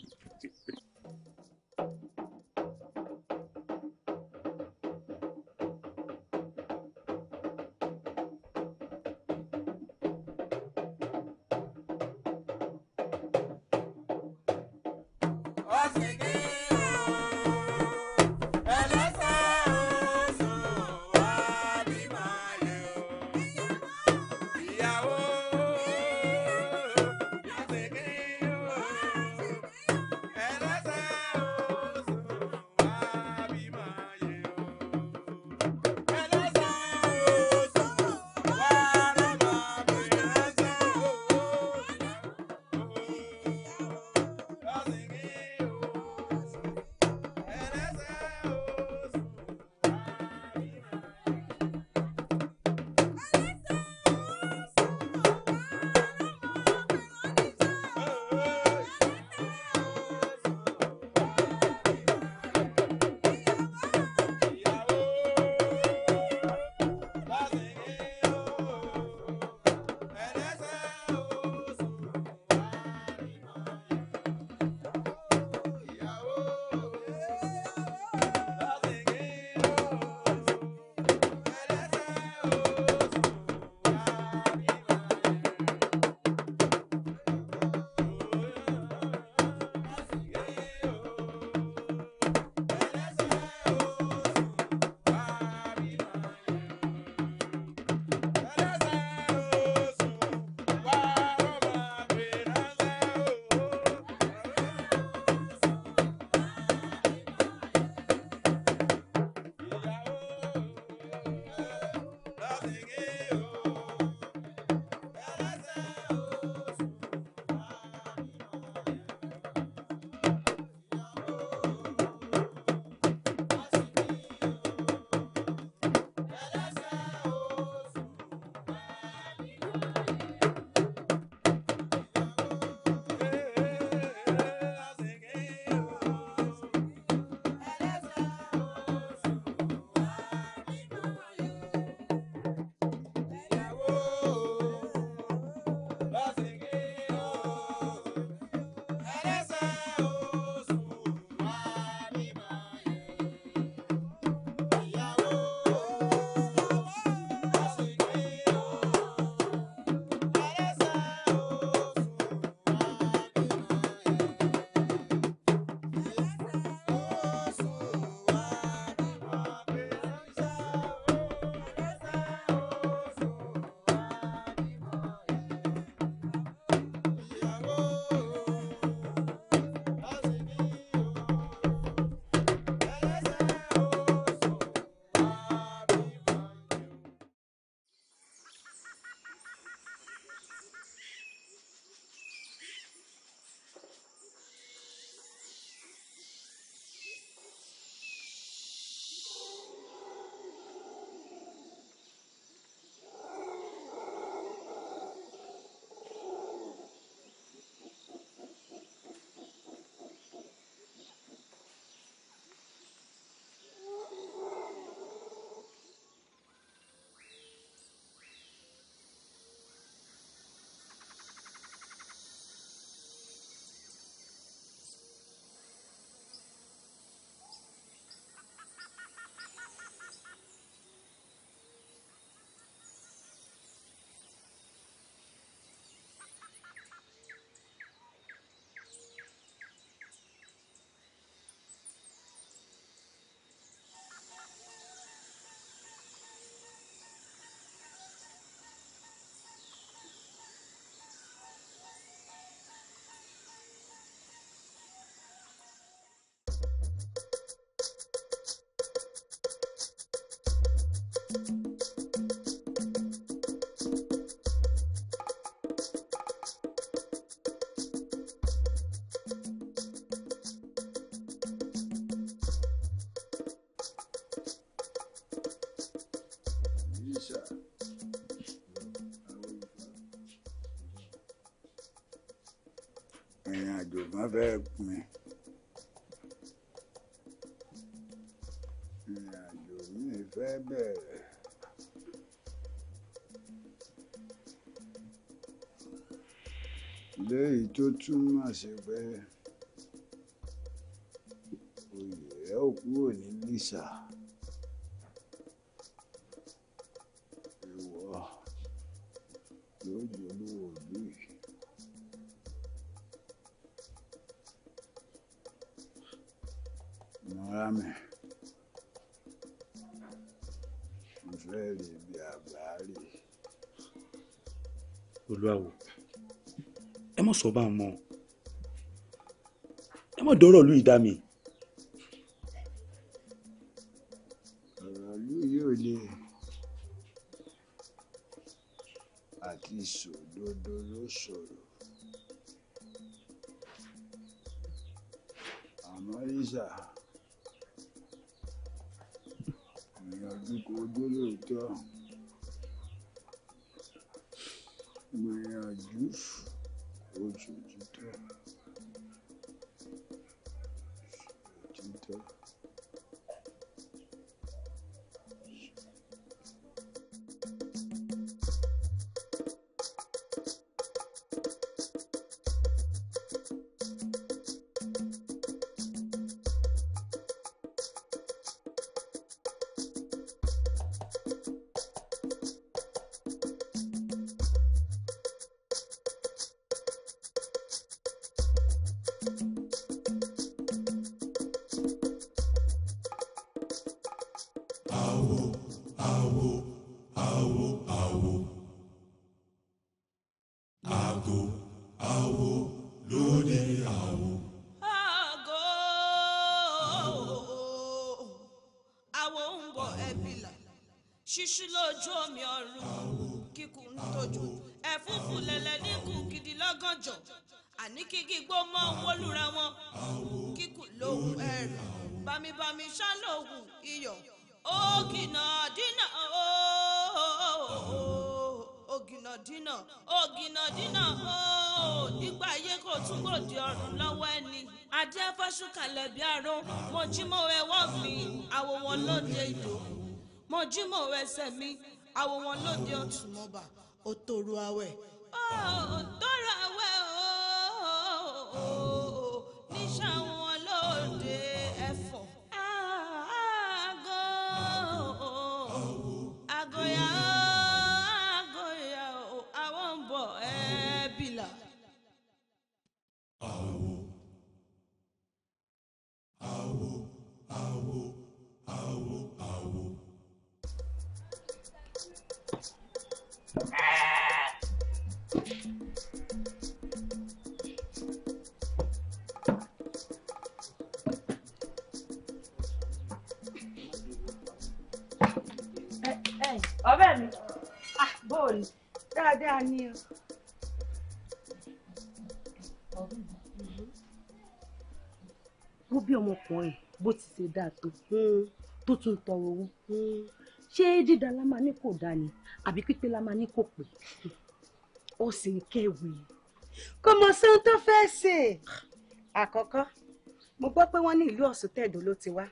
ìrìn àjò kan fẹ́ẹ́ pin ìrìn àjò mi fẹ́ bẹ̀rẹ̀. léyìí tó túmọ̀ sí pé oyè ẹ ò kúrò ní nìṣà. sọ bá wọn ẹ má dọ́rọ̀ lù ìdá mi. ó tòru àwẹ̀. ó tó dáa tó tó tún tọrọ owó ṣé dídá la máa ní kò dáa ni àbí pípé la máa ní kò pé ó sì ń kẹwì kò mọ sí ohun tó fẹ́ ṣe àkọ́kọ́ mo gbọ́ pé wọ́n ní ìlú Ọ̀ṣun tẹ̀dó ló ti wá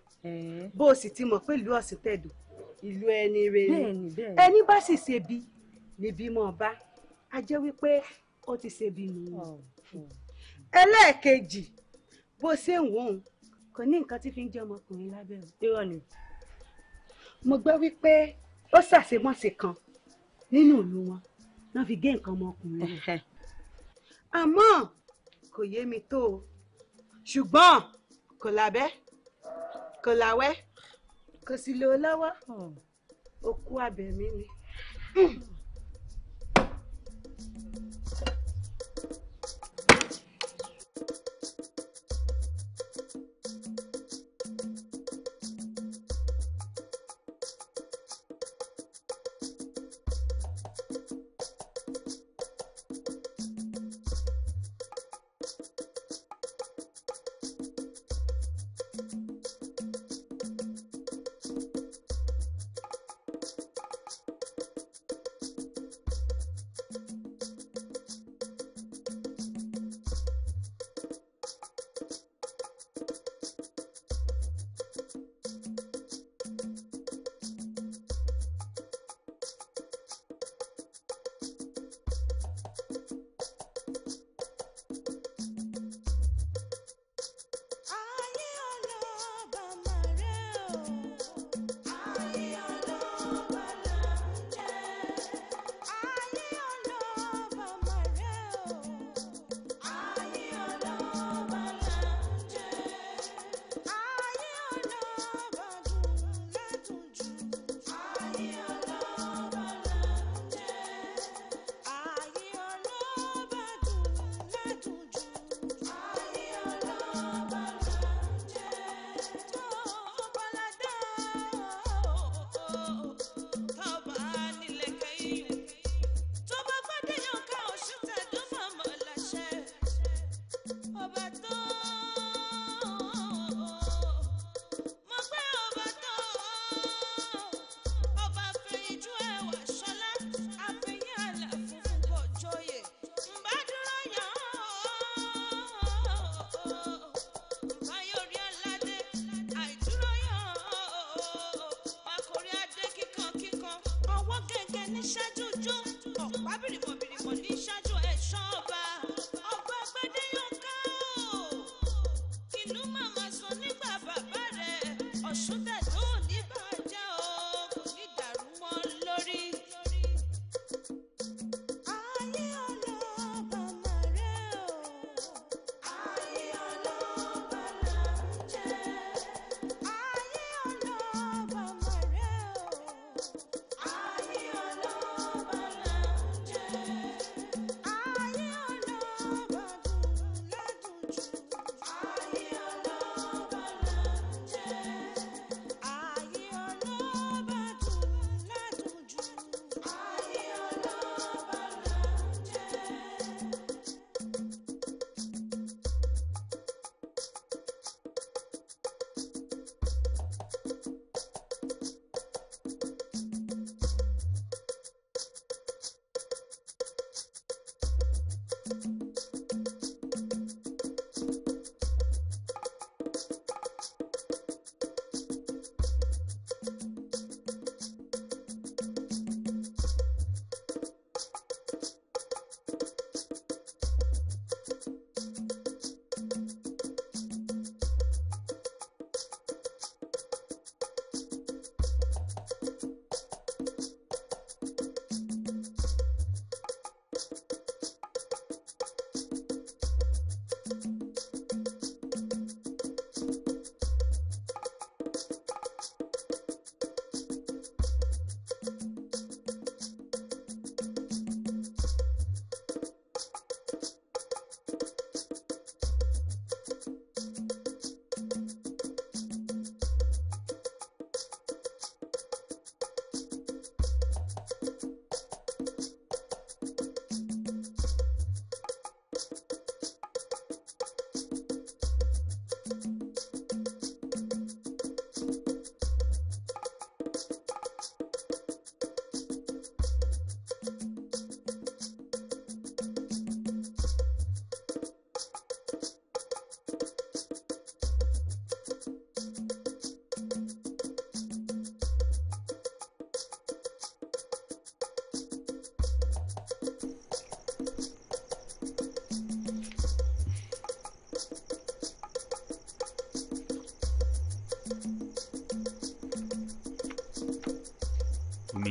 bó o sì ti mọ̀ pé ìlú Ọ̀ṣun tẹ̀dó ìlú ẹni rere ẹni bá sì ṣe bí níbi mọ̀ bá a jẹ́ wípé ó ti ṣe bí nìyẹn ẹlẹ́ẹ̀kejì bó ṣe ń wò ó kò ní nǹkan tí fi ń jẹ́ ọmọkùnrin lábẹ́ o. irọ́ ni. mo gbọ́ wípé ó ṣàṣemọ́ṣe kan nínú ìlú wọn náà fi gé nǹkan ọmọkùnrin rẹ̀. àmọ́ kò yé mi tó o ṣùgbọ́n kò lábẹ́ kò láwẹ́ kò sì lò hmm. ó lọ́wọ́ òkú abẹ̀mí ni.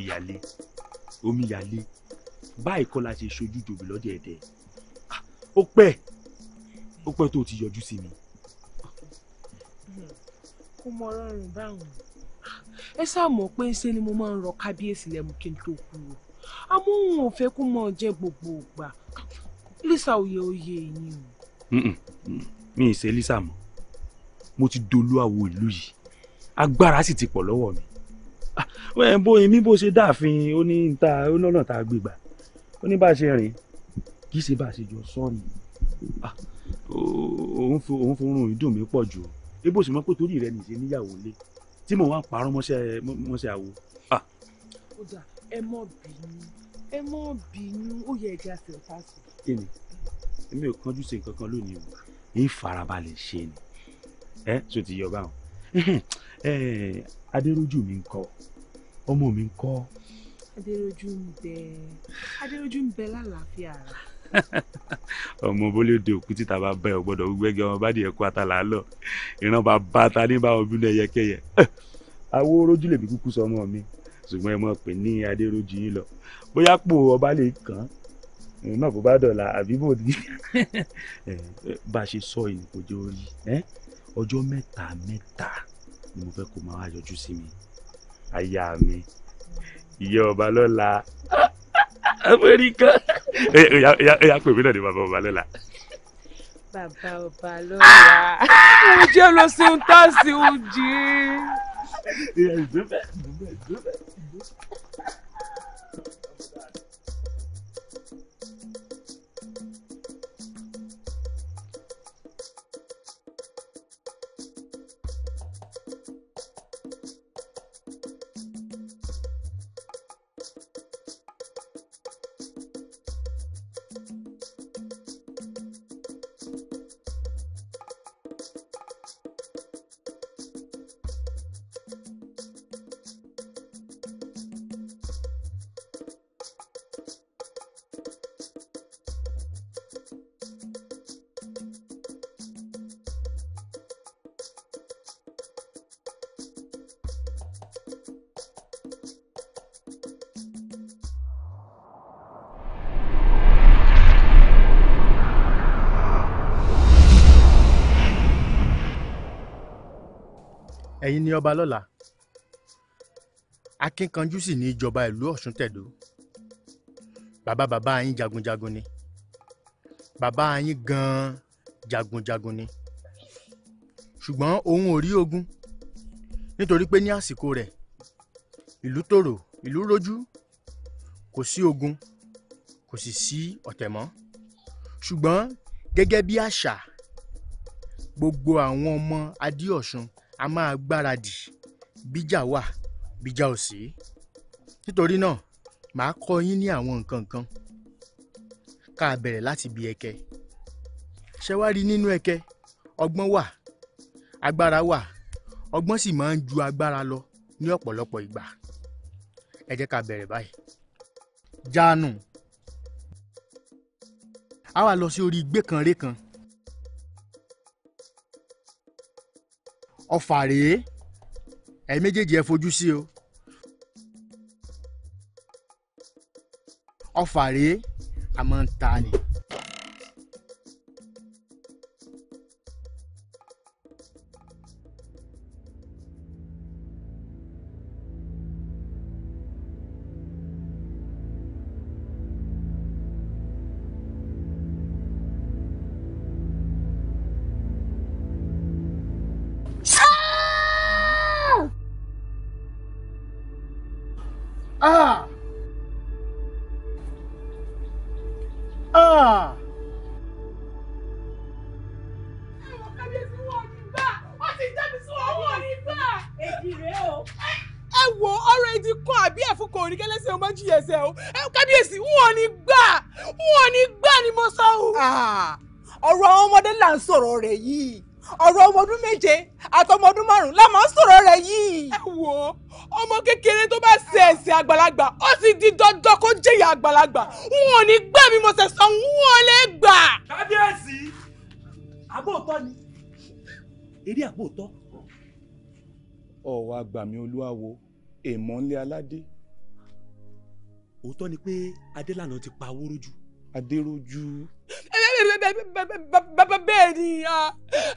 omíyalé omíyalé báyìí kọ́ la ṣe ṣojú jòbí lọ́jọ́ ẹ̀dẹ́ ah, ó pẹ́ ó pẹ́ tó ti yọjú sí mi. kò mọ ọ̀rọ̀ rìn báwọn ah, ẹ sáà mọ̀ pé ṣe ni mo máa ń rọ kábíyèsí lẹ́mu kí n tó kúrò àmọ́ òun ò fẹ́ kó mọ̀ jẹ́ gbogbo ìgbà lisa òye òye yìí o. mi ì ṣe lisa mọ́ mo ti dolú àwo ìlú yìí agbára sì ti pọ̀ lọ́wọ́ mi ẹ bó èmi bó ṣe dáàfin ó ní ta ọlọ́nà tá a gbé gbà ó ní bá a ṣe rìn kì í ṣe bá a ṣe jọ sọ́ọ̀nì ah, òun òun forun ìdùn mi pọ̀ jù ebó sì mọ́ pé torí rẹ nìṣe níyàwó lé tí mò ń wá parọ́ mọ́ṣẹ́ mọ́ṣẹ́ àwo. Ah. ó dà ẹ mọ bínú ẹ mọ bínú ó yẹ ẹja ṣe ọ̀tá sí. èmi èmi ò kánjú ṣe nǹkan kan lónìí o ń farabalẹ̀ ṣe ni ẹ tó ti yọ báwọn *laughs* adéròjú mi ń kọ́ ọmọ mi ń kọ́. adéròjú ń bẹ adéròjú ń bẹ lálàáfíà rẹ. ọmọ bólé de òkú títa bá bá ẹ gbọ́dọ̀ gbẹgẹ ọmọ bá dìẹ kó àtàlà lọ ìran bá bá ta ní bá ọbí lẹ yẹkẹyẹ awo rojú lèmi kúkú sọ ọmọ mi ṣùgbọ́n ẹ mọ̀ pé ní adéròjú yín lọ bóyá pò ọba lè kàn án náà bó bá dọ̀la àbí bò ní. bá a ṣe sọ ìnìkòjò orí ọjọ́ mẹ́ta mẹ́ta ni mo fẹ́ kó máa yọjú sí mi aya mi ìyá ọba lọ́la amẹ́ríkà ẹ̀yà pè mí náà ní bàbá ọba lọ́la. Baba ọba lọ́la oúnjẹ ló ṣe ń tà sí oúnjẹ. ìyá ìdúbẹ̀ ìdúbẹ̀ ìdúbẹ̀. ẹ̀yin ni ọba lọ́la akínkanjú sì ní ìjọba ìlú ọ̀ṣun tẹ̀dó bàbá bàbá yín jagunjagun ni bàbá yín gan-an jagunjagun ni ṣùgbọ́n òun ò rí ogun nítorí pé ní àsìkò rẹ̀ ìlú tòrò ìlú rójú kò sí ogun kò sì sí ọ̀tẹ̀ mọ́ ṣùgbọ́n gẹ́gẹ́ bí àṣà gbogbo àwọn ọmọ adíọ̀ṣun a máa gbáradì bíjà wà bíjà ò sí nítorí náà màá kọ́ yín ní àwọn nǹkan kan ká a bẹ̀rẹ̀ láti bí ẹkẹ ṣe wá rí nínú ẹkẹ ọgbọ́n wà agbára wà ọgbọ́n sì máa ń ju agbára lọ ní ọ̀pọ̀lọpọ̀ ìgbà ẹ jẹ́ ká bẹ̀rẹ̀ báyìí jáánù a wà lọ sí orí igbé kan ré kan ọfà rèé ẹ méjèèjì ẹ fojú sí o ọfà rèé àmọ́ ń ta ni. wọ́n lé aládé. òótọ́ ni pé adélànà ti pa awórójú. adérójú. bẹ́ẹ̀ ni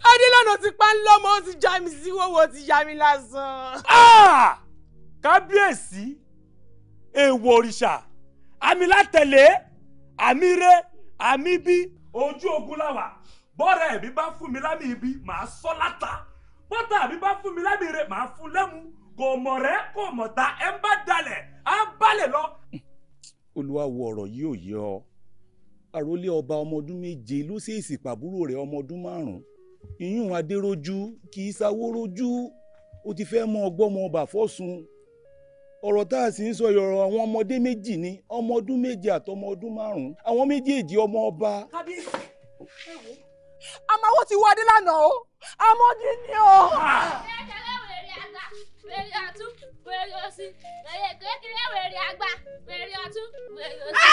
adélànà ti pa ńlọ́mọ ó ti já mi síwọ́wọ́ ó ti já mi lásán. kábíyèsí èèwọ̀ òrìṣà àmì látẹ̀lé àmì rẹ àmì bí ojú ogun làwà bọ́ọ̀rẹ́ ẹ̀mí bá fún mi lámì ibi màá sọ́ láta bọ́tà mi bá fún mi lámì rẹ màá fún lẹ́mu kò mọ̀rẹ́ kò mọ̀ta ẹ ń bá dalẹ̀ á balẹ̀ lọ. olúwa wo ọ̀rọ̀ yìí ò yé ọ àròlé ọba ọmọ ọdún méje ló ṣèèṣì pàbúrò rẹ̀ ọmọ ọdún márùn-ún ìyún adérójú kì í sáwórójú ó ti fẹ́ mọ ọgbọ́n mọ bàfọ́sùn ọ̀rọ̀ tá a sì ń sọ ọ̀rọ̀ àwọn ọmọdé méjì ni ọmọ ọdún méje àtọmọ ọdún márùn àwọn méjèèjì ọmọ ọba. àmọ́ owó ti wọlé lánàá o àmọ́ dín ní o. Ah! wèrè ọ̀tún wèrè òsì wèrè kékeré wèrè àgbà wèrè ọ̀tún wèrè òsì. Ah!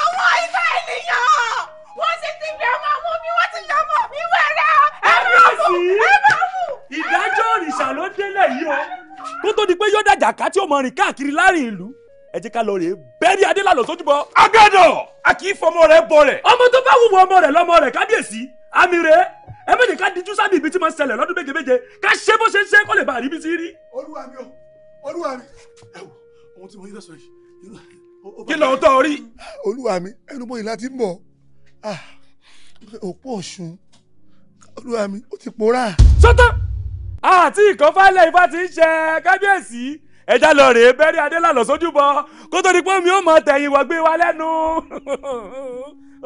àwọn ibà ènìyàn wọ́n ti ti bí ọmọ ọmọ mi wọ́n ti yọmọ mi wẹ̀rẹ̀ ẹ máa mú ẹ máa mú. ìdájọ́ òrìṣà ló délẹ̀ yìí o kó tó di pé yóò dàjà ká tí ó mọ rìn káàkiri láàrin ìlú ẹ jẹ́ ká lọ rèé bẹ́ẹ̀ni adélàlọ́ sójú bọ. a kì í fọmọ rẹ̀ bọ rẹ̀. ọmọ tó bá wù wọ ọmọ rẹ̀ lọ́mọ rẹ̀ kábíyèsí àmì ẹ méjì ká dijú sábì ibi tí mo ń ṣẹlẹ̀ lọ́dún méje méje ká ṣe bó ṣe ń ṣe kó lè bá a rí bí ti rí. olúwa mi o olúwa mi ẹ wò ohun tí mo yí lọ sọ yìí. kí ló ń tọ́ orí. olúwa mi ẹnu bóyá láti ń bọ̀ ah, òpó ọ̀ṣun olúwa mi ó ti pòórá. sọ́tọ̀ àti ìkọ́fálẹ̀ ifá ti ń ṣe kábíyèsí ẹja lọ rèé bẹ́rí adélà lọ sójú bọ kó tó di pé mi ò mọ tẹ̀yìn wọ́n gbé wa lẹ́nu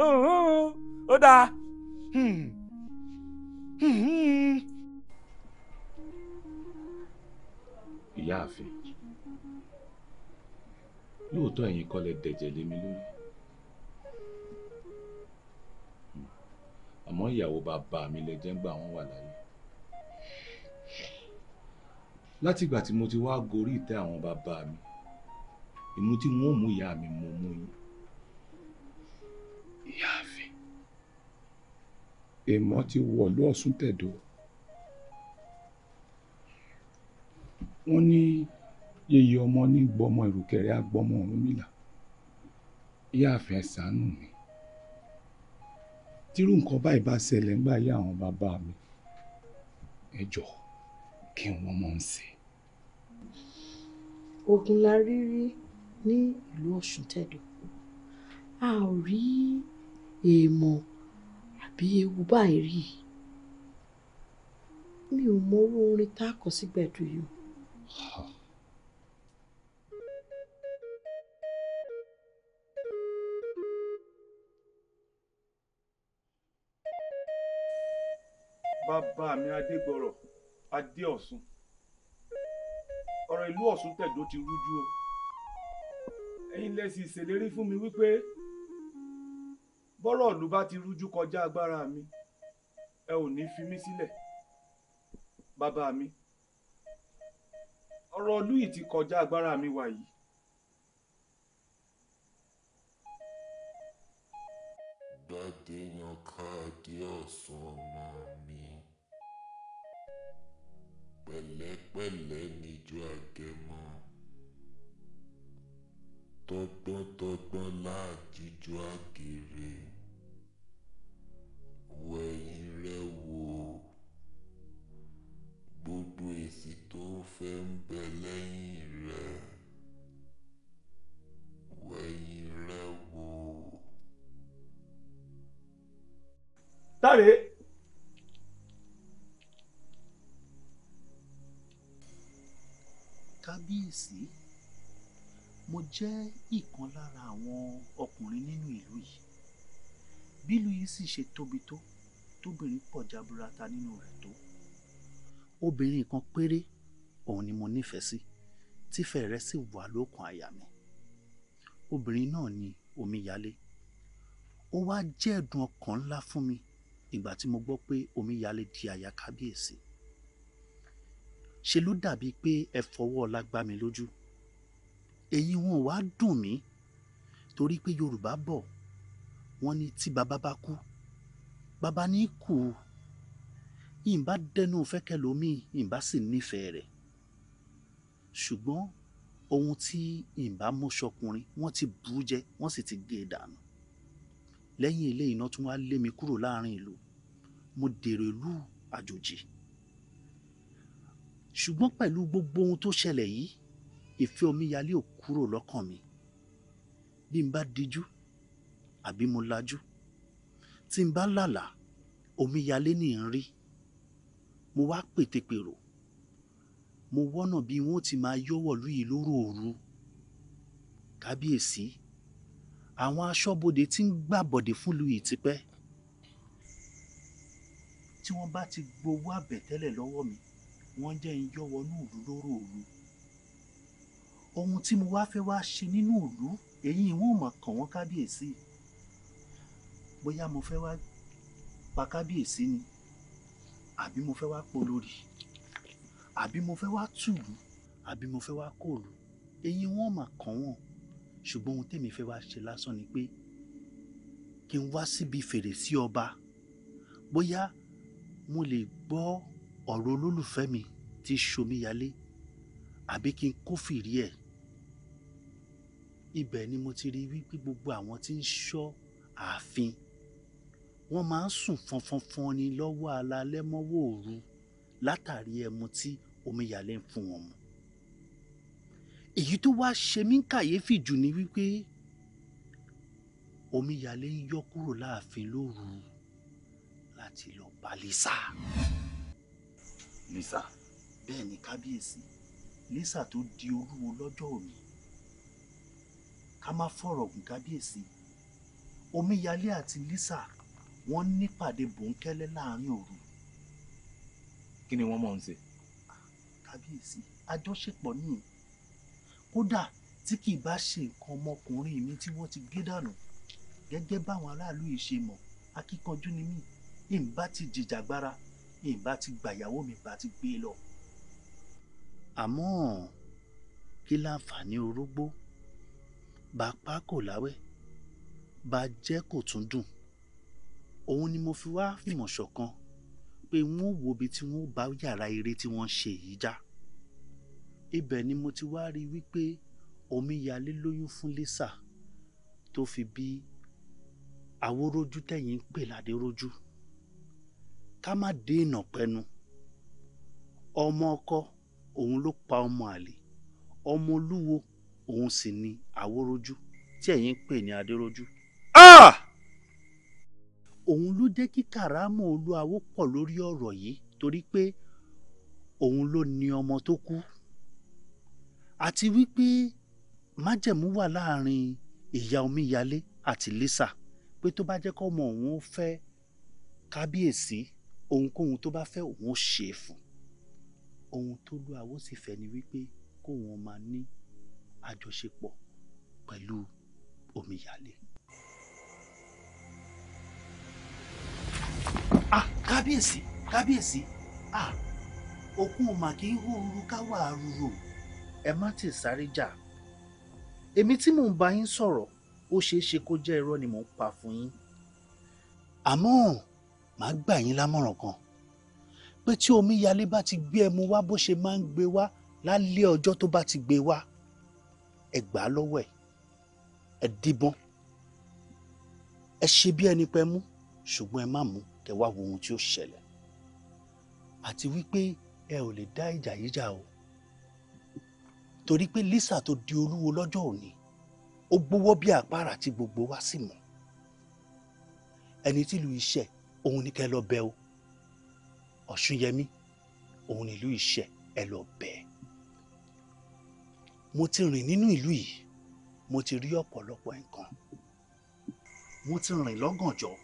*laughs* ó dáa. Hmm ìyáàfin lóòótọ́ ẹ̀yin kọ́ lẹ dẹ̀jẹ̀ lé mi lórí àmọ́ ìyàwó bàbá mi lẹ jẹ́ ńgbà wọ́n wà láyé látìgbà tí mo ti wá gorí ìtẹ́ àwọn bàbá mi ìmú tí wọ́n mú ìyá mi mo mú yín ìyáàfin èèmọ̀ ti wọ̀lú ọ̀sùn tẹ̀dọ̀ wọ́n ní yèyé ọmọ ní gbọmọ ìrùkẹ̀rẹ̀ agbọmọ Ọ̀rúnmìlà ìyáàfẹ́ ṣàánú mi tírú nǹkan báyìí bá ṣẹlẹ̀ ńgbà yá àwọn bàbá mi ẹ jọ kí wọ́n mọ̀ ń ṣe. ogun la rí rí ní ìlú ọ̀ṣun tẹ̀dọ̀ a ò rí èèmọ̀ bí ewu báyìí rí mi ò mọrú orin tá a kọ sí gbẹ̀du yìí. bàbá mi adégbọrọ̀ adé ọ̀ṣun ọ̀rọ̀ ìlú ọ̀ṣun tẹ̀dó ti rújú o ẹ̀yin lẹ́sìn ìṣèlérí fún mi wípé bọ́rọ̀ ìlú bá ti rújú kọjá agbára mi ẹ ò ní fi mí sílẹ̀ bàbá mi ọ̀rọ̀ ìlú yìí ti kọjá agbára mi wà yìí. jáde yan káàdì ọ̀sán ọmọ mi pẹ̀lẹ́pẹ̀lẹ́ níjó àgẹmọ tọgbọ́ntọgbọ́n láàjíjó àgèrè. rèé. kábíyèsí mo jẹ́ ìkan lára àwọn ọkùnrin nínú ìlú yìí bílù yìí sì ṣe tóbi tó tóbìnrin pọ̀ jaburata nínú rẹ̀ tó obìnrin kan péré òun ni mo nífẹ̀ẹ́ sí tífẹ̀ rẹ̀ sì wà lókun àyà mi obìnrin náà ni omíyalé ó wá jẹ́ ẹ̀dùn ọkàn ńlá fún mi ìgbà tí mo gbọ́ pé omíyalé di àyà kábíyèsí ṣe ló dàbí pé ẹ fọwọ́ ọlá gbá mi lójú èyí wọn wá dùn mí torí pé yorùbá bọ̀ wọ́n ní tí bàbá bá kú bàbá ní kú ìbá dẹnu fẹ́kẹ́ lómi ìbá sì nífẹ̀ẹ́ rẹ̀ ṣùgbọ́n ohun tí ìbá mú sọkùnrin wọ́n ti bù jẹ wọ́n sì ti gé e dànù lẹ́yìn eléyìí náà tún wá lé mi kúrò láàrin ìlú mo dèrò ìlú àjòjì ṣùgbọ́n pẹ̀lú gbogbo ohun tó ṣẹlẹ̀ yìí ìfẹ́ omíyalé ò kúrò lọ́kàn mi bí n bá dijú àbí mo lajú tí n bá lálàá omíyalé ní ń rí mo wá pètèpèrò mo wọ́nà bí wọ́n ti máa yọ́wọ̀lú yìí lóru òru kábíyèsí àwọn aṣọ́bodè ti ń gbàbọ̀dè fúnlùú yìí tipẹ́ tí wọ́n bá ti gbowó àbẹ̀tẹ́lẹ̀ lọ́wọ́ mi wọ́n jẹ́ ń yọ́ wọnú ìlú lóró òru ohun tí mo wá fẹ́ wá ṣe nínú ìlú èyí wọn ò mà kàn wọ́n kábíyèsí bóyá mo fẹ́ wá pa kábíyèsí ni àbí mo fẹ́ wá polórí àbí mo fẹ́ wá tùlú àbí mo fẹ́ wá kóòlù èyí wọn ò mà kàn wọ́n ṣùgbọ́n ohun tèmi fẹ́ wá ṣe lásán ni pé kí n wá síbi fèrèsé ọba bóyá mo lè gbọ́ ọ̀rọ̀ olólùfẹ́ mi tí ṣomíyalé àbí kí n kófìrí ẹ̀ ibẹ̀ ni mo ti rí wípé gbogbo àwọn tí ń ṣọ́ ààfin wọ́n máa ń sùn fọnfọnfọn ni lọ́wọ́ alalẹ́ mọ́wọ́ òru látàrí ẹmu tí omíyalé ń fún wọn mu èyí tó wá ṣe mí kàyéfì jù ni wípé omíyalé ń yọ kúrò láàfin lóru láti lọ ọba lisa. lisa. bẹ́ẹ̀ ni kábíyèsí lisa tó di olúwo lọ́jọ́ òní ká má fọ̀rọ̀ gùn kábíyèsí omíyalé àti lisa wọ́n nípàdé bòńkẹ́lẹ́ láàrin òru. kí ni wọ́n mọ̀ ń ṣe. kábíyèsí àjọṣepọ̀ ni kódà tí kì í bá ṣe nǹkan ọmọkùnrin mi tí wọ́n ti gé dànù gẹ́gẹ́ báwọn aráàlú yìí ṣe mọ̀ akíkanjú ni mí ìbá ti jìjàgbara ìbá ti gbàyàwó mi ìbá ti gbé e lọ. àmọ́ kí láǹfààní orógbó bá pa kò láwẹ̀ bá jẹ́ kò tún dùn òun ni mo fi wá fìmọ̀ ṣọ̀kan pé wọ́n wo ibi tí wọ́n bá yàrá eré tí wọ́n ṣe yìí já ibẹ̀ ni mo ti wá rí wípé omíyalé lóyún fún lẹ́sà tó fi bí awórójú tẹ̀yìn ń pè ládérójú ká má dé ìnà pẹnu ọmọ ọkọ òun ló pa ọmọ àlè ọmọ olúwo òun sì ni àwòrójú tí ẹ̀yin ń pè ní adérójú. Ah! òun ló jẹ́ kí kàrámọ̀ olúwawo pọ̀ lórí ọ̀rọ̀ yìí torí pé òun ló ní ọmọ tó kú àti wípé májẹ̀mú wà láàrin ìyá omíyalé àti lisa pé tó bá jẹ́ kọ́ ọmọ òun fẹ́ kábíyèsí ohunkóhun tó bá fẹ́ òun ó ṣe é fún ohun tó lu àwo sì fẹ́ ni wípé kóun máa ní àjọṣepọ̀ pẹ̀lú omíyalé. ah kábíyèsí kábíyèsí ah òkun ò mà kí ń hóruru ká wà á rúru ẹ má tì sáré jà èmi tí mò ń bá yín sọ̀rọ̀ ó ṣeé ṣe kó jẹ́ irọ́ ni mò ń pa fún yín àmọ́ màá gbà yín lámọ̀ràn kan pé tí omíyalé bá ti gbé ẹmu wá bó ṣe máa ń gbé wá lálẹ́ ọjọ́ tó bá ti gbé wá ẹ gbà á lọ́wọ́ ẹ̀ ẹ díbọ́n ẹ ṣe bí ẹni pẹ́ mú ṣùgbọ́n ẹ má mú kẹ wá wo ohun tí ó ṣẹlẹ̀ àti wípé ẹ ò lè dá ìjà yìí jà o torí pé Lisa tó di olúwo lọ́jọ́ òní ó gbowó bí àpárá tí gbogbo wa sì mọ̀ ẹni tí lu iṣẹ́ òun ni kẹ́ lọ bẹ̀ o Ọ̀ṣunyẹmí òun nílùú Ìṣẹ́ ẹ lọ bẹ̀ ẹ́ mo ti rìn nínú ìlú yìí mo ti rí ọ̀pọ̀lọpọ̀ nǹkan mo ti rìn lọ́gànjọ́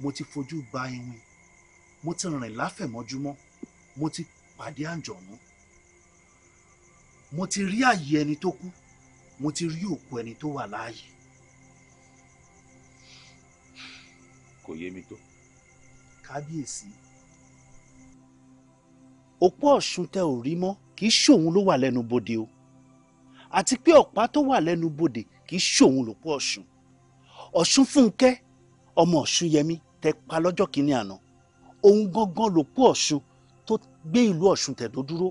mo ti fojú ba iwin mo ti rìn láfẹ̀mọ́júmọ́ mo ti pàdé àǹjọ̀nú mo ti rí àyè ẹni tó kú mo ti rí òkú ẹni tó wà láàyè. kò yé mi tó kábíyèsí òpó ọ̀ṣun tẹ ò rí mọ́ kì í ṣòun ló wà lẹ́nu bodè o àti pé ọ̀pá tó wà lẹ́nu bodè kì í ṣòun lòpó ọ̀ṣun ọ̀ṣun fúnkẹ́ ọmọ ọ̀ṣun yẹmí tẹ pa lọ́jọ́ kìíní àná òun gangan lòpó ọ̀ṣun tó gbé ìlú ọ̀ṣun tẹ̀dó dúró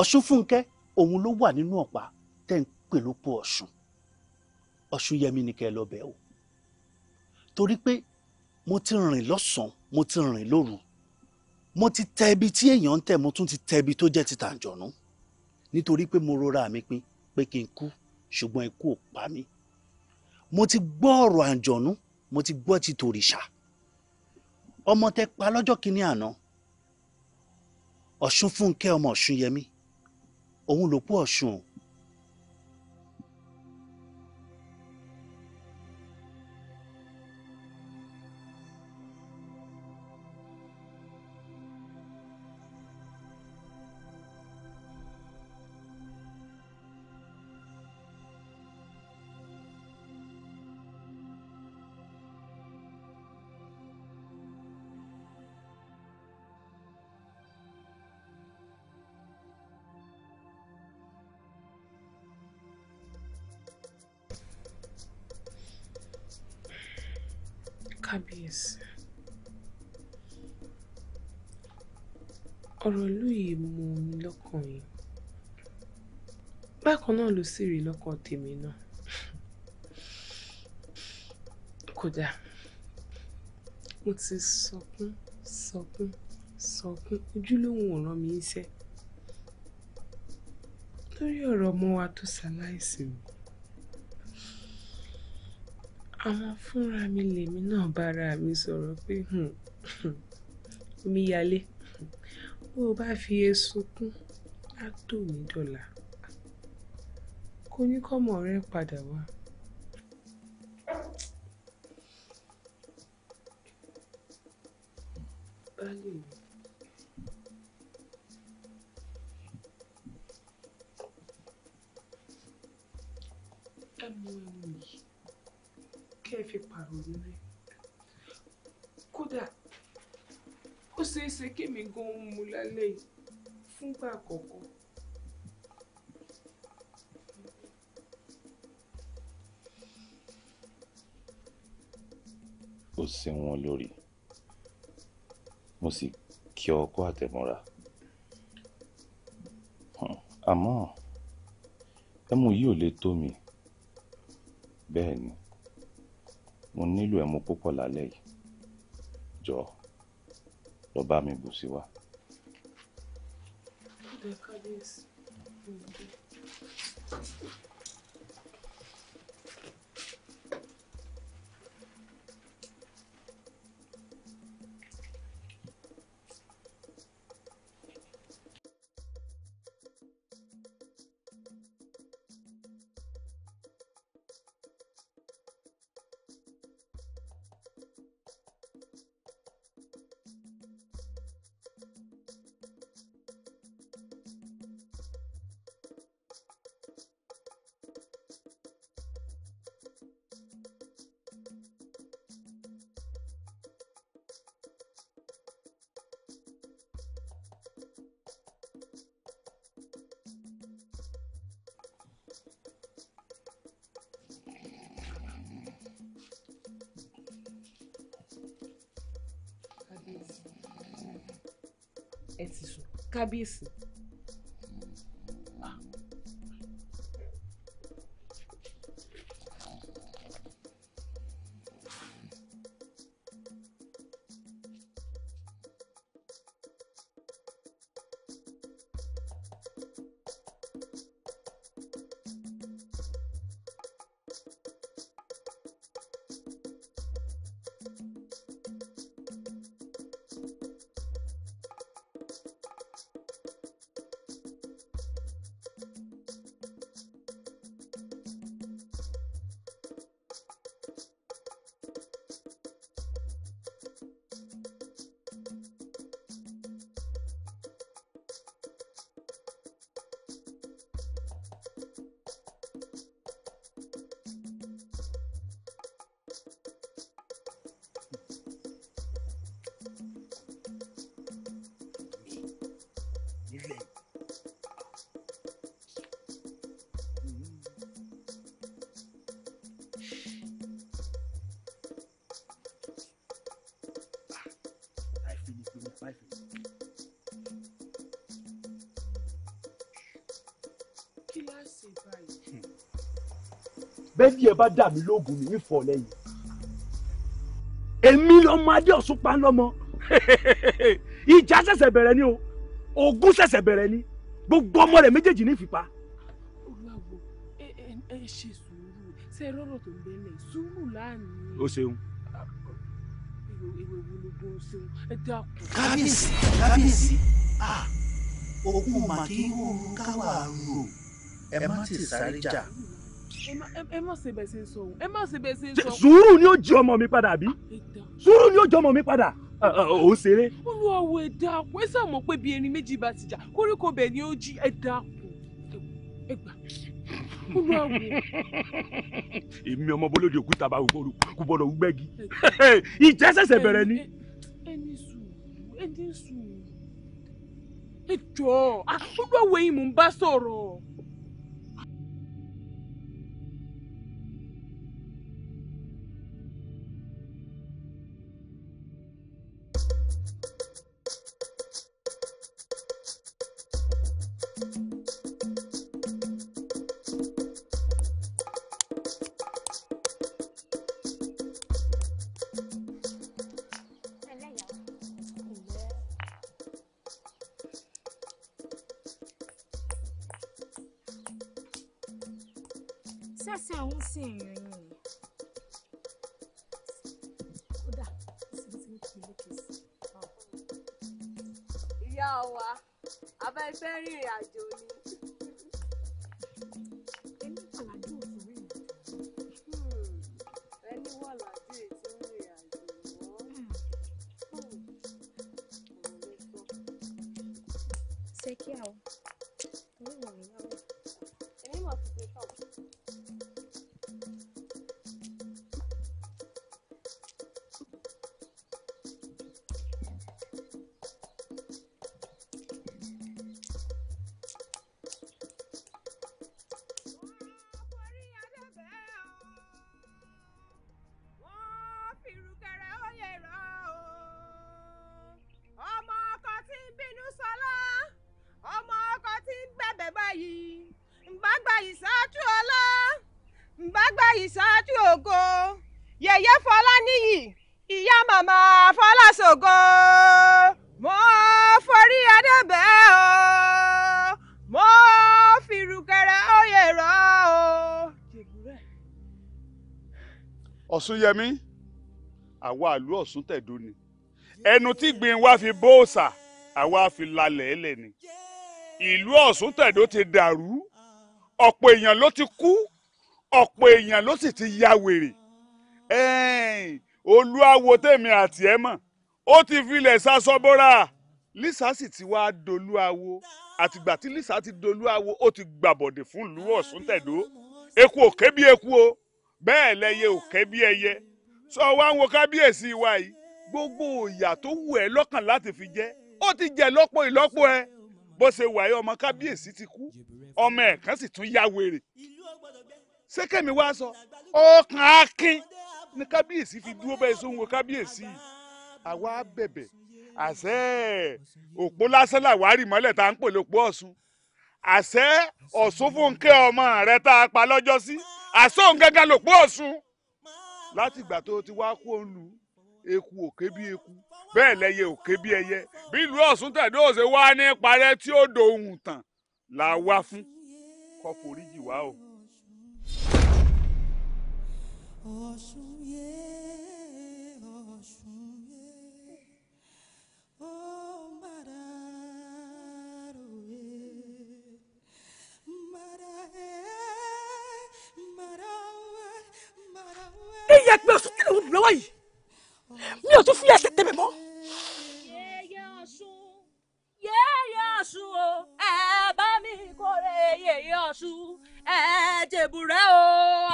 ọ̀ṣun fúnkẹ́ òun ló wà nínú ọ̀pá tẹ̀ ń pè lòpó ọ̀ṣun ọ̀ṣun yẹmí ni kẹ́ lọ bẹ̀ o torí pé mo ti rìn lọ́sàn-án mo ti rìn lóru mo ti tẹ ibi tí èèyàn ń tẹ̀ mo tún ti tẹ ibi tó jẹ́ ti tàǹjọ̀nú nítorí pé mo rora mi pín pé kí n kú ṣùgbọ́n ikú ò pa mí mo ti gbọ́ ọ̀rọ̀ àǹjọ̀nú mo ti gbọ́ ti tòrìṣà ọmọ tẹ pa lọ́jọ́ kìíní àná ọ̀ṣun fúnkẹ́ ọmọ ọ̀ṣun yẹmí òun ló kú ọ̀ṣun o kábíyèsí ọ̀rọ̀ ìlú yìí mú mi lọ́kàn yìí bákan náà ló sì rí lọ́kàn tèmi náà kódà mo ti sọkún sọkún sọkún ojúlówó ọ̀ràn mi iṣẹ́ lórí ọ̀rọ̀ ọmọ wa tó ṣaláìsí mi àmọ́ fúnra mi lèmi náà bára mi sọ̀rọ̀ pé omíyalé hmm, hmm, bó o bá fi esu kún á tò ní dọ̀là kò ní kọ́mọ rẹ padà wá. Báyìí fi pàrònú rẹ̀ kódà ó ṣeé ṣe kémi gan mú lálẹ́ yìí fúngbà àkọ́kọ́ ó sin wọn lórí mo sì kí ọkọ àtẹmọra àmọ́ ẹmu yìí ò lè tó mi bẹ́ẹ̀ ni mo nílò ẹmu púpọ̀ lálẹ́ yìí jọ lọ bá mi bù sí wa. Thank you. Mm-hmm. cabeça. bẹ́ẹ̀ni ẹ bá dà mí lóògùn mi nífọ̀ lẹ́yìn èmi lọmọ adé ọ̀sùn pa lọ́mọ *laughs* ìjà ṣẹ̀ṣẹ̀ bẹ̀rẹ̀ ni o ogun ṣẹ̀ṣẹ̀ bẹ̀rẹ̀ ni gbogbo ọmọ rẹ̀ méjèèjì ní ìfipá. olùwàwọ̀ ẹ ẹ ṣe sùúrù ṣe rọrọ tó ń bẹ̀rẹ̀ sùúrù láàánú. o ṣeun. kábíyèsí kábíyèsí ah ogun màkì ń wò káwá rò ẹ má ti sáré jà. ẹ má ṣe bẹ́ẹ̀ ṣe ń sọ òun ẹ má ṣe bẹ́ẹ̀ ṣe ń sọ. sùúrù ni ó jí ọmọ mi padà bí sùúrù ni ó jí ọmọ mi padà òun ṣeré. olùwàwọ̀ ẹ̀dá àpò ẹ sàmọ̀ pé bí erin méjì bá ti jà koríko bẹ̀ ni ó jí ẹ̀dá àpò ẹgbà èmi ọmọ bolóde òkúta bá kú bọ́dọ̀ gbẹ́gi *laughs* ìjẹ́ ṣẹ̀ṣẹ̀ bẹ̀rẹ̀ ni. ẹni sùúrù ẹni sùúrù ẹ jọ̀ọ́ ah, olùwàwọ̀ yìí mò ń bá sọ̀rọ̀. ọ̀ṣunyẹmí àwa àlú ọ̀ṣun tẹ̀dó ni ẹnu tí gbìn wá fi bó òòṣà àwa fi lalẹ̀ ẹlẹ̀ ni ìlú ọ̀ṣun tẹ̀dó ti dàrú ọ̀pọ̀ èèyàn ló ti kú ọ̀pọ̀ èèyàn ló sì ti ya wèrè olúwawo tèmi àti ẹ mọ̀ ó ti filẹ̀ sasọ́bọ́ra lisa sì ti wá dolúwawo àtìgbà tí lisa ti dolúwawo ó ti gbàbọ̀dẹ̀ fún ìlú ọ̀ṣun tẹ̀dó eku òkè bí eku o bẹ́ẹ̀ lẹyẹ ò kẹ́ bí ẹyẹ sọ wá ń wo kábíyèsí wa yìí gbogbo ìyà tó wù ẹ́ lọ́kàn láti fi jẹ ó ti jẹ lọ́pọ̀ ìlọ́pọ̀ ẹ bó ṣe wà yìí ọmọ kábíyèsí ti kú ọmọ ẹ̀ kan sì tún ya wèrè sékèmí wá sọ ọkàn akin ni kábíyèsí fi dúró bẹ́ẹ̀ sóhun wo kábíyèsí àwa bẹ̀bẹ̀ àṣẹ òpó lásán làwárí mọ́lẹ̀ tá à ń pè lópó ọ̀ṣun àṣẹ ọ̀ṣun fúnkẹ́ ọmọ rẹ tá a pa lọ́jọ́ sí. Si àsóhun gángan ló pọ̀ ọ̀sùn láti ìgbà tó ti wá kú òǹlù eku òkè bí eku bẹ́ẹ̀ lẹ́yẹ òkè bí ẹyẹ bí ìlú Ọ̀ṣun tẹ̀dó òṣè wá ní parẹ́ tí ó do ohun tàn là wá fún kó foríjì wá o. Ọ̀ṣun yẹn. jẹ́ pé oṣù tí lòun lọ́wọ́ yìí mi ò tún fi ẹsẹ̀ tẹ̀mẹ̀ mọ́. yẹ́yẹ́ ọ̀ṣun yẹ́yẹ́ ọ̀ṣun o ẹ bá mi kórè yẹ́yẹ́ ọ̀ṣun ẹ jèbùrẹ́ o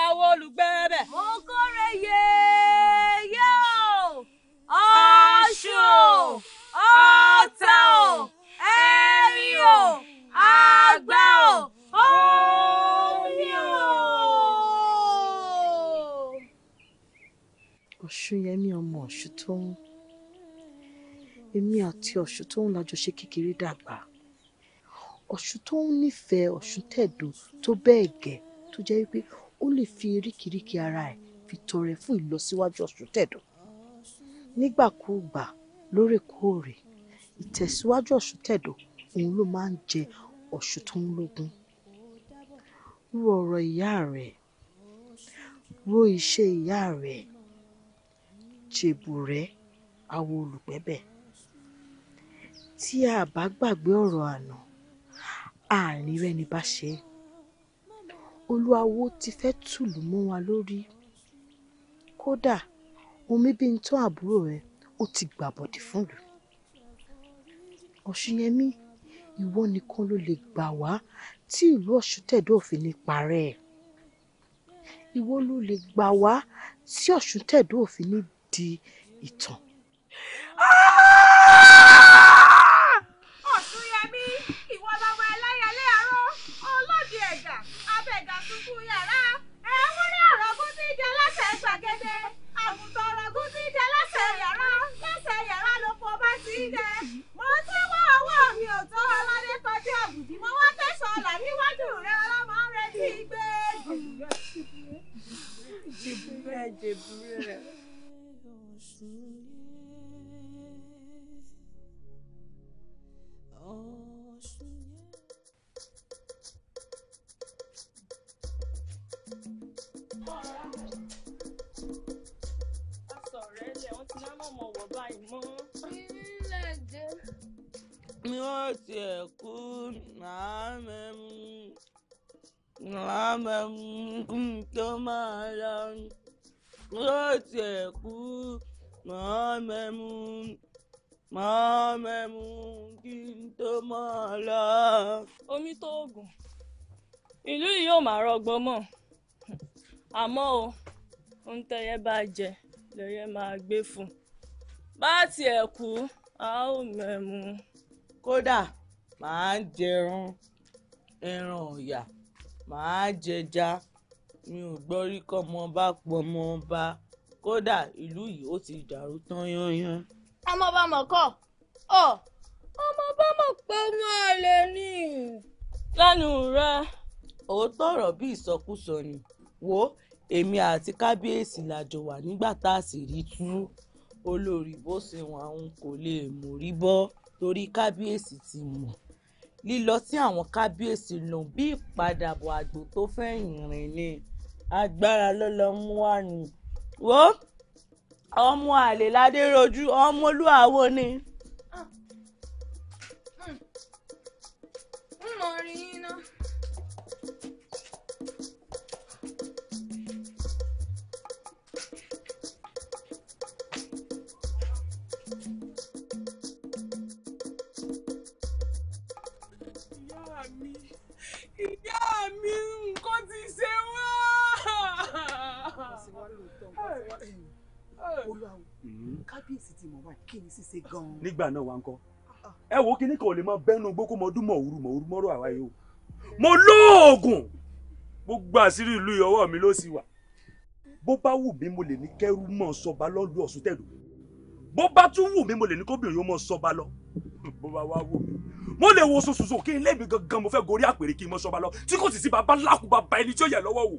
àwọn olùgbẹ́bẹ̀. mo kórè yẹ́yẹ́ o ọ̀ṣun ẹ̀rí o àgbá o. ọ̀ṣúnyẹmí ọmọ ọ̀ṣútóun èmi àti ọ̀ṣútóun la jọ ṣe kékeré dàgbà ọ̀ṣútóun nífẹ̀ẹ́ ọ̀ṣúntẹ̀dọ̀ tó bẹ́ẹ̀ gẹ́ tó jẹ́ wípé ó lè fi eríkìíríkìí ara ẹ̀ fi tọrẹ fún ìlọsíwájú ọ̀ṣúntẹ̀dọ̀ nígbàkúùgbà lóòrèkóòrè ìtẹ̀síwájú ọ̀ṣúntẹ̀dọ̀ òun ló máa ń jẹ ọ̀ṣútóun lógún ro ọ̀rọ̀ ìyá rẹ̀ ro iṣẹ́ ìyá rẹ̀ Ṣèbùrẹ́ Awolùpẹ́bẹ̀ tí a bá gbàgbé ọ̀rọ̀ àná àìnírẹ́ni bá ṣe é olúwawo ti fẹ́ tùlù mọ́ wa lórí kódà omi bíi ń tán àbúrò rẹ̀ ó ti gbàbọ̀dì fúnlùú ọ̀ṣunyẹmí ìwọ nìkan ló lè gbà wá tí ìlú ọ̀ṣun tẹ̀dó òfin ní parẹ́ ìwọ ló lè gbà wá tí ọ̀ṣun tẹ̀dó òfin ní di ìtàn. Ah! ọ̀túnyẹmí ìwọ lọmọ ẹlẹ́yẹlé àárọ̀ ọlọ́dẹ ẹ̀gà abẹ́gà tuntun yàrá ẹ̀wọ́n ní àrògún ti jẹ lẹ́sẹ̀ gbàgede àgùntàn ọ̀rọ̀gún ti jẹ lẹ́sẹ̀ yàrá lẹ́sẹ̀ yàrá ló fọ bá ti jẹ mo ti wá ọwọ́ mi ò tó ọlọ́dẹ kọjá máa rọgbọ́n mọ̀ àmọ́ o ohun tẹ́yẹ bá jẹ lẹ́yẹ máa gbé fún bá tiẹ̀ kú a ó mẹ̀mú. kódà màá jẹran ẹran ọ̀yà màá jẹja mi ò gbọ́ rí kọ́mọ bá pọmọ bá kódà ìlú yìí ó ti dàrú tán yányán. ọmọ bá mọ̀ kọ́ ọ ọmọ bá mọ̀ pé wọn lè ní. lẹ́nu rẹ̀ òótọ́ ọ̀rọ̀ bí ìsọkúsọ ni wo èmi àti kábíyèsí la jọ wà nígbà tá a sì rí tú olórí bó ṣe wọn àwọn kò lè mórí bọ́ torí kábíyèsí ti mọ̀ lílọ tí àwọn kábíyèsí lò bí ìpadàbọ̀ àgbò tó fẹ̀yìn rìn ni agbára lọ́lọ́ mú wá ni wo ọmọ àlè ládé rojú ọmọ olúwawo ni. Ah, hmm, hmm, hmm, n olúwawo mm-hmm. kábíyèsí ti mọ̀ báyìí kí ni ṣíṣe gan-an. nígbà náà wà ń kọ́ ah. ẹ wo kíní kan ò lè máa bẹ́nu gbókó mọ́dún mọ̀ọ́rù mọ̀ọ́rù mọ́rọ̀ àwa yìí o mm. mo lóògùn gbogbo àṣírí ìlú ìyọwọ́ mi ló sì wà bó bá wù mí mo lè ní kẹ́rù mọ́ sọba lọ́lú ọ̀sùn tẹ̀lú bó bá tún wù mí mo lè ní kóbìnrin yóò mọ́ sọba lọ bó bá wá wù mí mo lè wo sososo kí ilé mi gangan mo fẹ́ gorí àpèrè kí n mọ́ sọba lọ tí kò sì sí baba lákùbà ẹni tí ó yẹ lọ́wọ́ wò.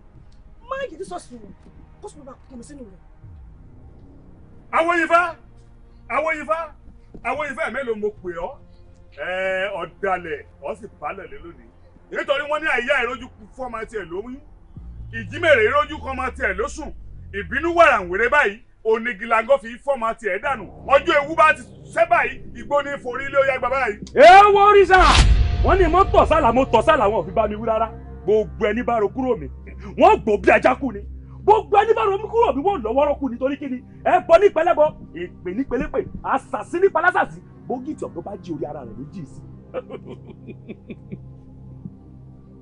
máàyè ní sọ́ọ̀sì wọn kó sùn bá kùnú sínú rẹ̀. àwọn ifá àwọn ifá àwọn ifá mélòó mo pè ọ́ ọ̀dàlẹ̀ ọ̀ sì balẹ̀ lé lónìí nítorí wọ́n ní àyà ìrójú fún ọmọ tiẹ̀ lóyún ìjímèrè ìrójú kan ọmọ tiẹ̀ lóṣùn ìbínú wàràǹwèrè báyìí onígilango fi fọ́ọ̀mù àti ẹ̀ dànù ọjọ́ ewu bá ti ṣẹ́ báyìí igbó ní forí ilé ọyá gbàgbà yìí. ẹ wo oríṣà wọn ni mo tọ̀ sálà mo tọ̀ sálà wọn ò fi bá mi wú rárá gbogbo ẹni bá ro kúrò mi wọ́n gbò bí ajá kú ni gbogbo ẹni bá romú kúrò bí wọ́n lọ́wọ́rọ́ kú nítorí kí ni ẹbọ ní pẹlẹbọ èpè ní pẹlẹpẹ àṣàsí ní palásàsí bógìtì ọ̀dọ́ bá jí orí ara rẹ̀ ló jì sí.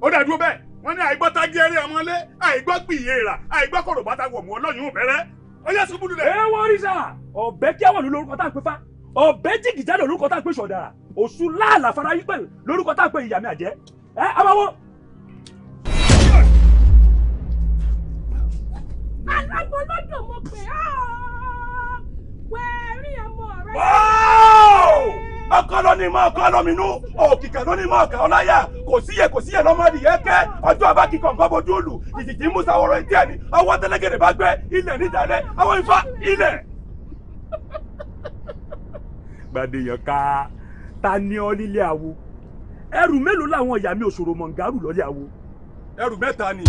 ó dàdúró bẹ́ẹ̀ wọ́n ní àìgbọ́ tágíẹ́rì ọmọlé àìgbọ́ gbìyẹ rà àìgbọ́ kọ̀rọ̀ bá ta wọ̀ mọ́ ọlọ́yún bẹ̀rẹ̀ ó yẹ sùkúlù rẹ̀. ẹ wọ́n rí sá ọ̀bẹ kí àwọn olórúkọ tá à ń pè fa ọ̀bẹ jìgìjà lórúkọ tá à ń pè sọ̀dà òṣù láàlà farayípẹ̀ lórúkọ tá à ń pè ìyàmì àjẹ́ ẹ àbáwọ́ alágbọ́lọ́dọ̀ mo pè ah, ọ́ wẹ́ẹ́rì ọmọ rẹ. ọkọ ló ní mọ ọkọ lóminú òkìkà ló ní mọ ọkà ọláyà kò síyè kò síyè lọmọdé yẹn kẹ ọjọ́ àbá kíkọ nǹkan bójú òlù ìjìjì ń musa wọrọ etí ẹni ọwọ́ tẹlẹgẹ̀dẹ̀ bá gbẹ ilẹ̀ nídàálẹ àwọn ifá ilẹ̀. gbàdéyàn ká ta ni ọ nílé àwo ẹrù mélòó làwọn ìyá mi òṣòro mọ̀ngàrù lọ́lé àwo. ẹrù mẹ́ta ni.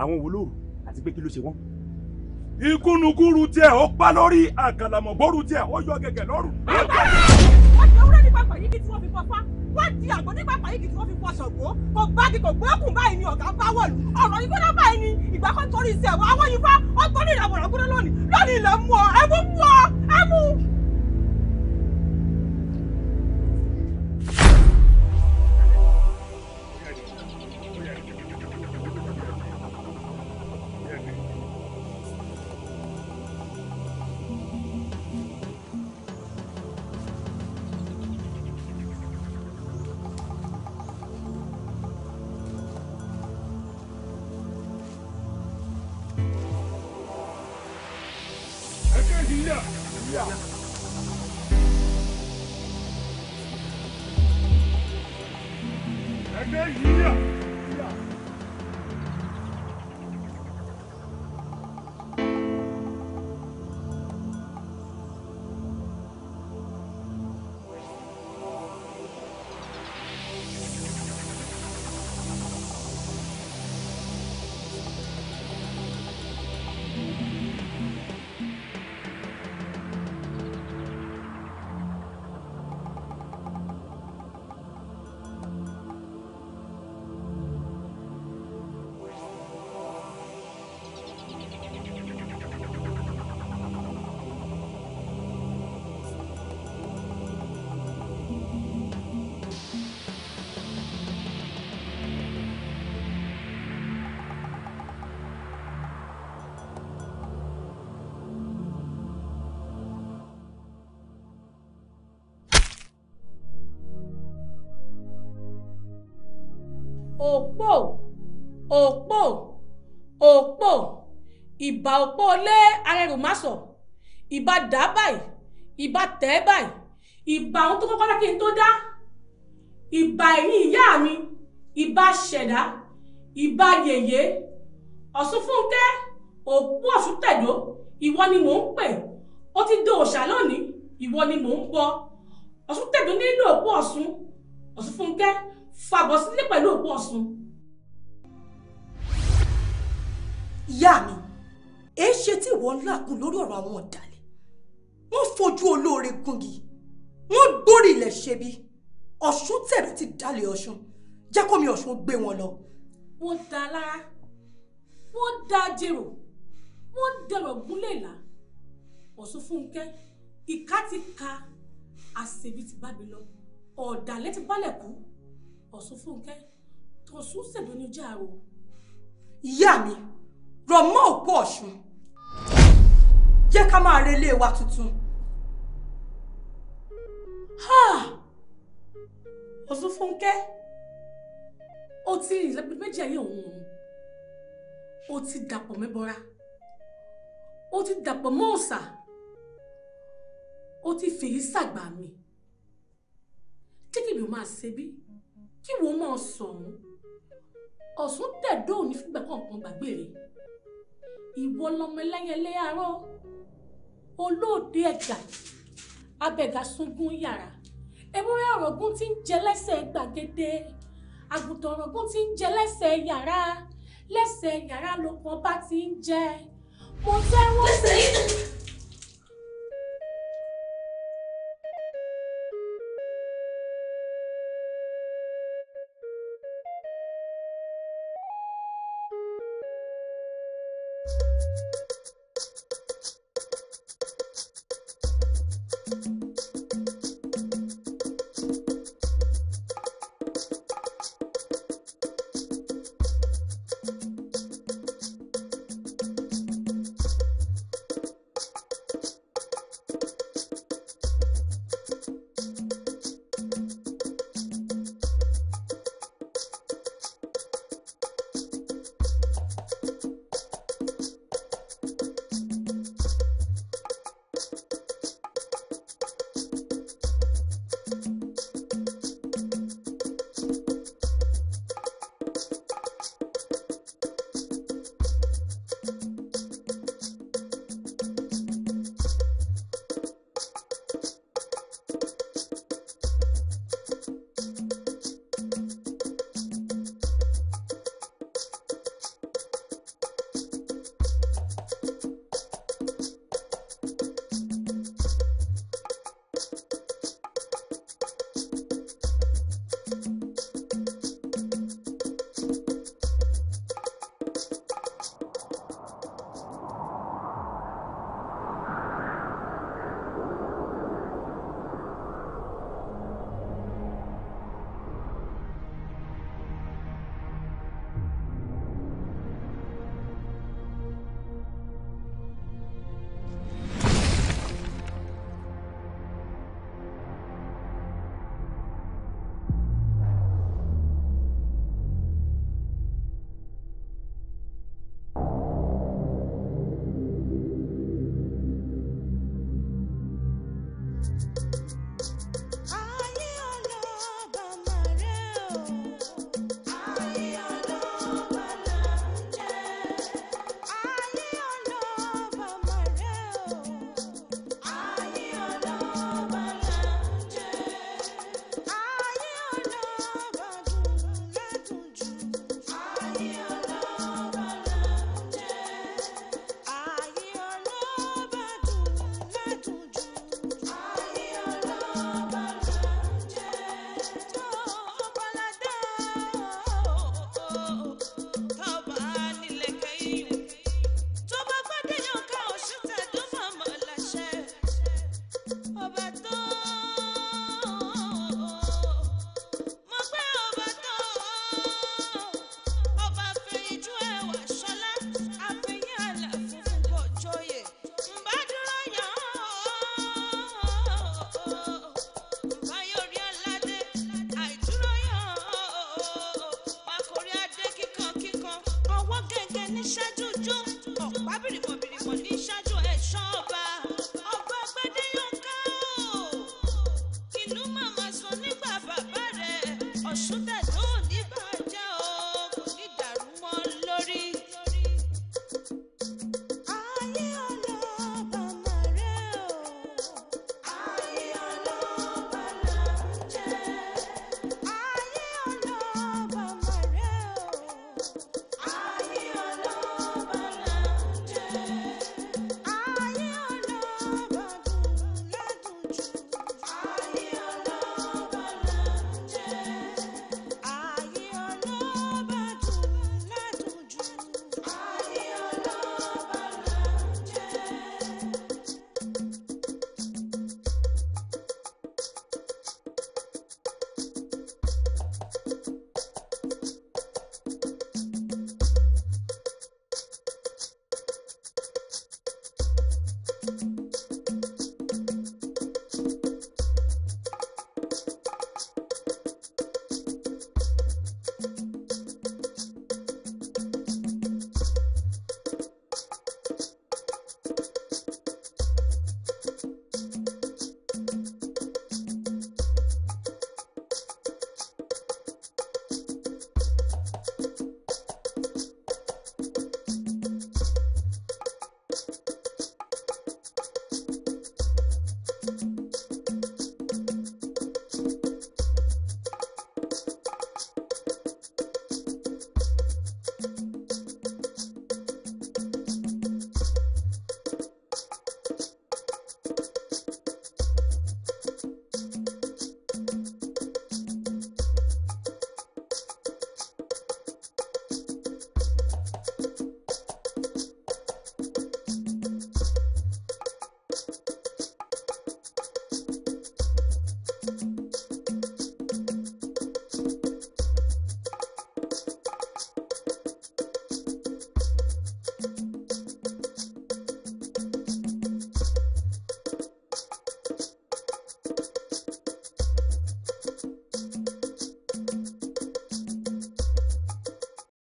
àwọn wo lóru àti pé kí ló ṣe wọ́n. ìkúnnukúru tiẹ̀ ó pa lórí àkàlàmọ̀gbòrú tiẹ̀ ó yọ gẹ̀gẹ̀ lọ́rùn. wọ́n ti ewúrẹ́ ní pàpà yìí kí tí wọ́n fi pọ̀ fá wọ́n di àgbò ní pàpà tí wọ́n fi pọ̀ ṣọ̀gbọ́ kò gbági kò gbókùn báyìí ni ọ̀gá bá wọ̀lú ọ̀rọ̀ yìí gbọ́dọ̀ báyìí ni ìgbà kan torí iṣẹ́ wa àwọn yìí fá ọgbọ́n ní ìràwọ̀ ọ̀gbọ́n lónìí lónìí ilẹ̀ mú ọ ẹ mú mú ọ ẹ mú. òpó òpó òpó ìbà òpó lé arẹrùmásọ ìbà dá báyìí ìbà tẹ́ báyìí ìbà ohun tó kọ́kọ́ dá kí n tó dá ìbà ẹ̀yìn ìyá mi ìbà ṣẹ̀dá ìbà yèyé ọ̀ṣunfúnkẹ́ òpó ọ̀ṣuntẹ̀dó ìwọ ni mò ń pè ó ti do òòṣà lónìí ìwọ ni mò ń bọ ọ̀ṣuntẹ̀dó nílò òpó ọ̀ṣun ọ̀ṣunfúnkẹ́ fàbọ̀ sílé pẹ̀lú òpó ọ̀sùn. ìyá mi èé ṣe tí ìwọ ń làkùn lórí ọ̀rọ̀ àwọn ọ̀dàlẹ̀ wọ́n fojú olóore gungi wọ́n gbórí ilẹ̀ ṣebi ọ̀ṣun tẹ̀rẹ̀ ti dalẹ̀ ọ̀ṣun jẹ́ kó mi ọ̀ṣun gbé wọn lọ. wọ́n da lára wọ́n da jèrò wọ́n dẹ̀rọ̀ gúnlẹ̀ ìlà ọ̀ṣun fúnkẹ́ ìka ti ka àṣebí ti bá mi lọ ọ̀dàlẹ̀ ti bálẹ̀ kú ọ̀sùn fúnkẹ́ tọ̀sùn ṣèlú ní ojú àrò. ìyá mi rọ̀ mọ́ òpó ọ̀ṣun jẹ́ ká máa relé wa tuntun. ọ̀sùn fúnkẹ́ ó ti ìlẹ́gbẹ̀ẹ́ méjì ayé òun òun ó ti dàpọ̀ mẹ́bọra ó ti dàpọ̀ mọ́ òòṣà ó ti fèyí sàgbà mi jẹ́ kí mi ò máa ṣe bí kí wọ́n mọ̀ sọ̀hún ọ̀sùn tẹ̀dọ́ òní fúgbà kọ̀ọ̀kan gbàgbé ìwọ lọmọ ẹlẹ́yìn ẹlẹ́yàrọ́ olóòde ẹ̀gà abẹ́gà sunkún yàrá ewúrẹ́ ọ̀rọ̀gún ti ń jẹ lẹ́sẹ̀ gbàgede àgùntàn ọ̀rọ̀gún ti ń jẹ lẹ́sẹ̀ yàrá lẹ́sẹ̀ yàrá lóko ọba ti ń jẹ mo tẹ́wọ́ sí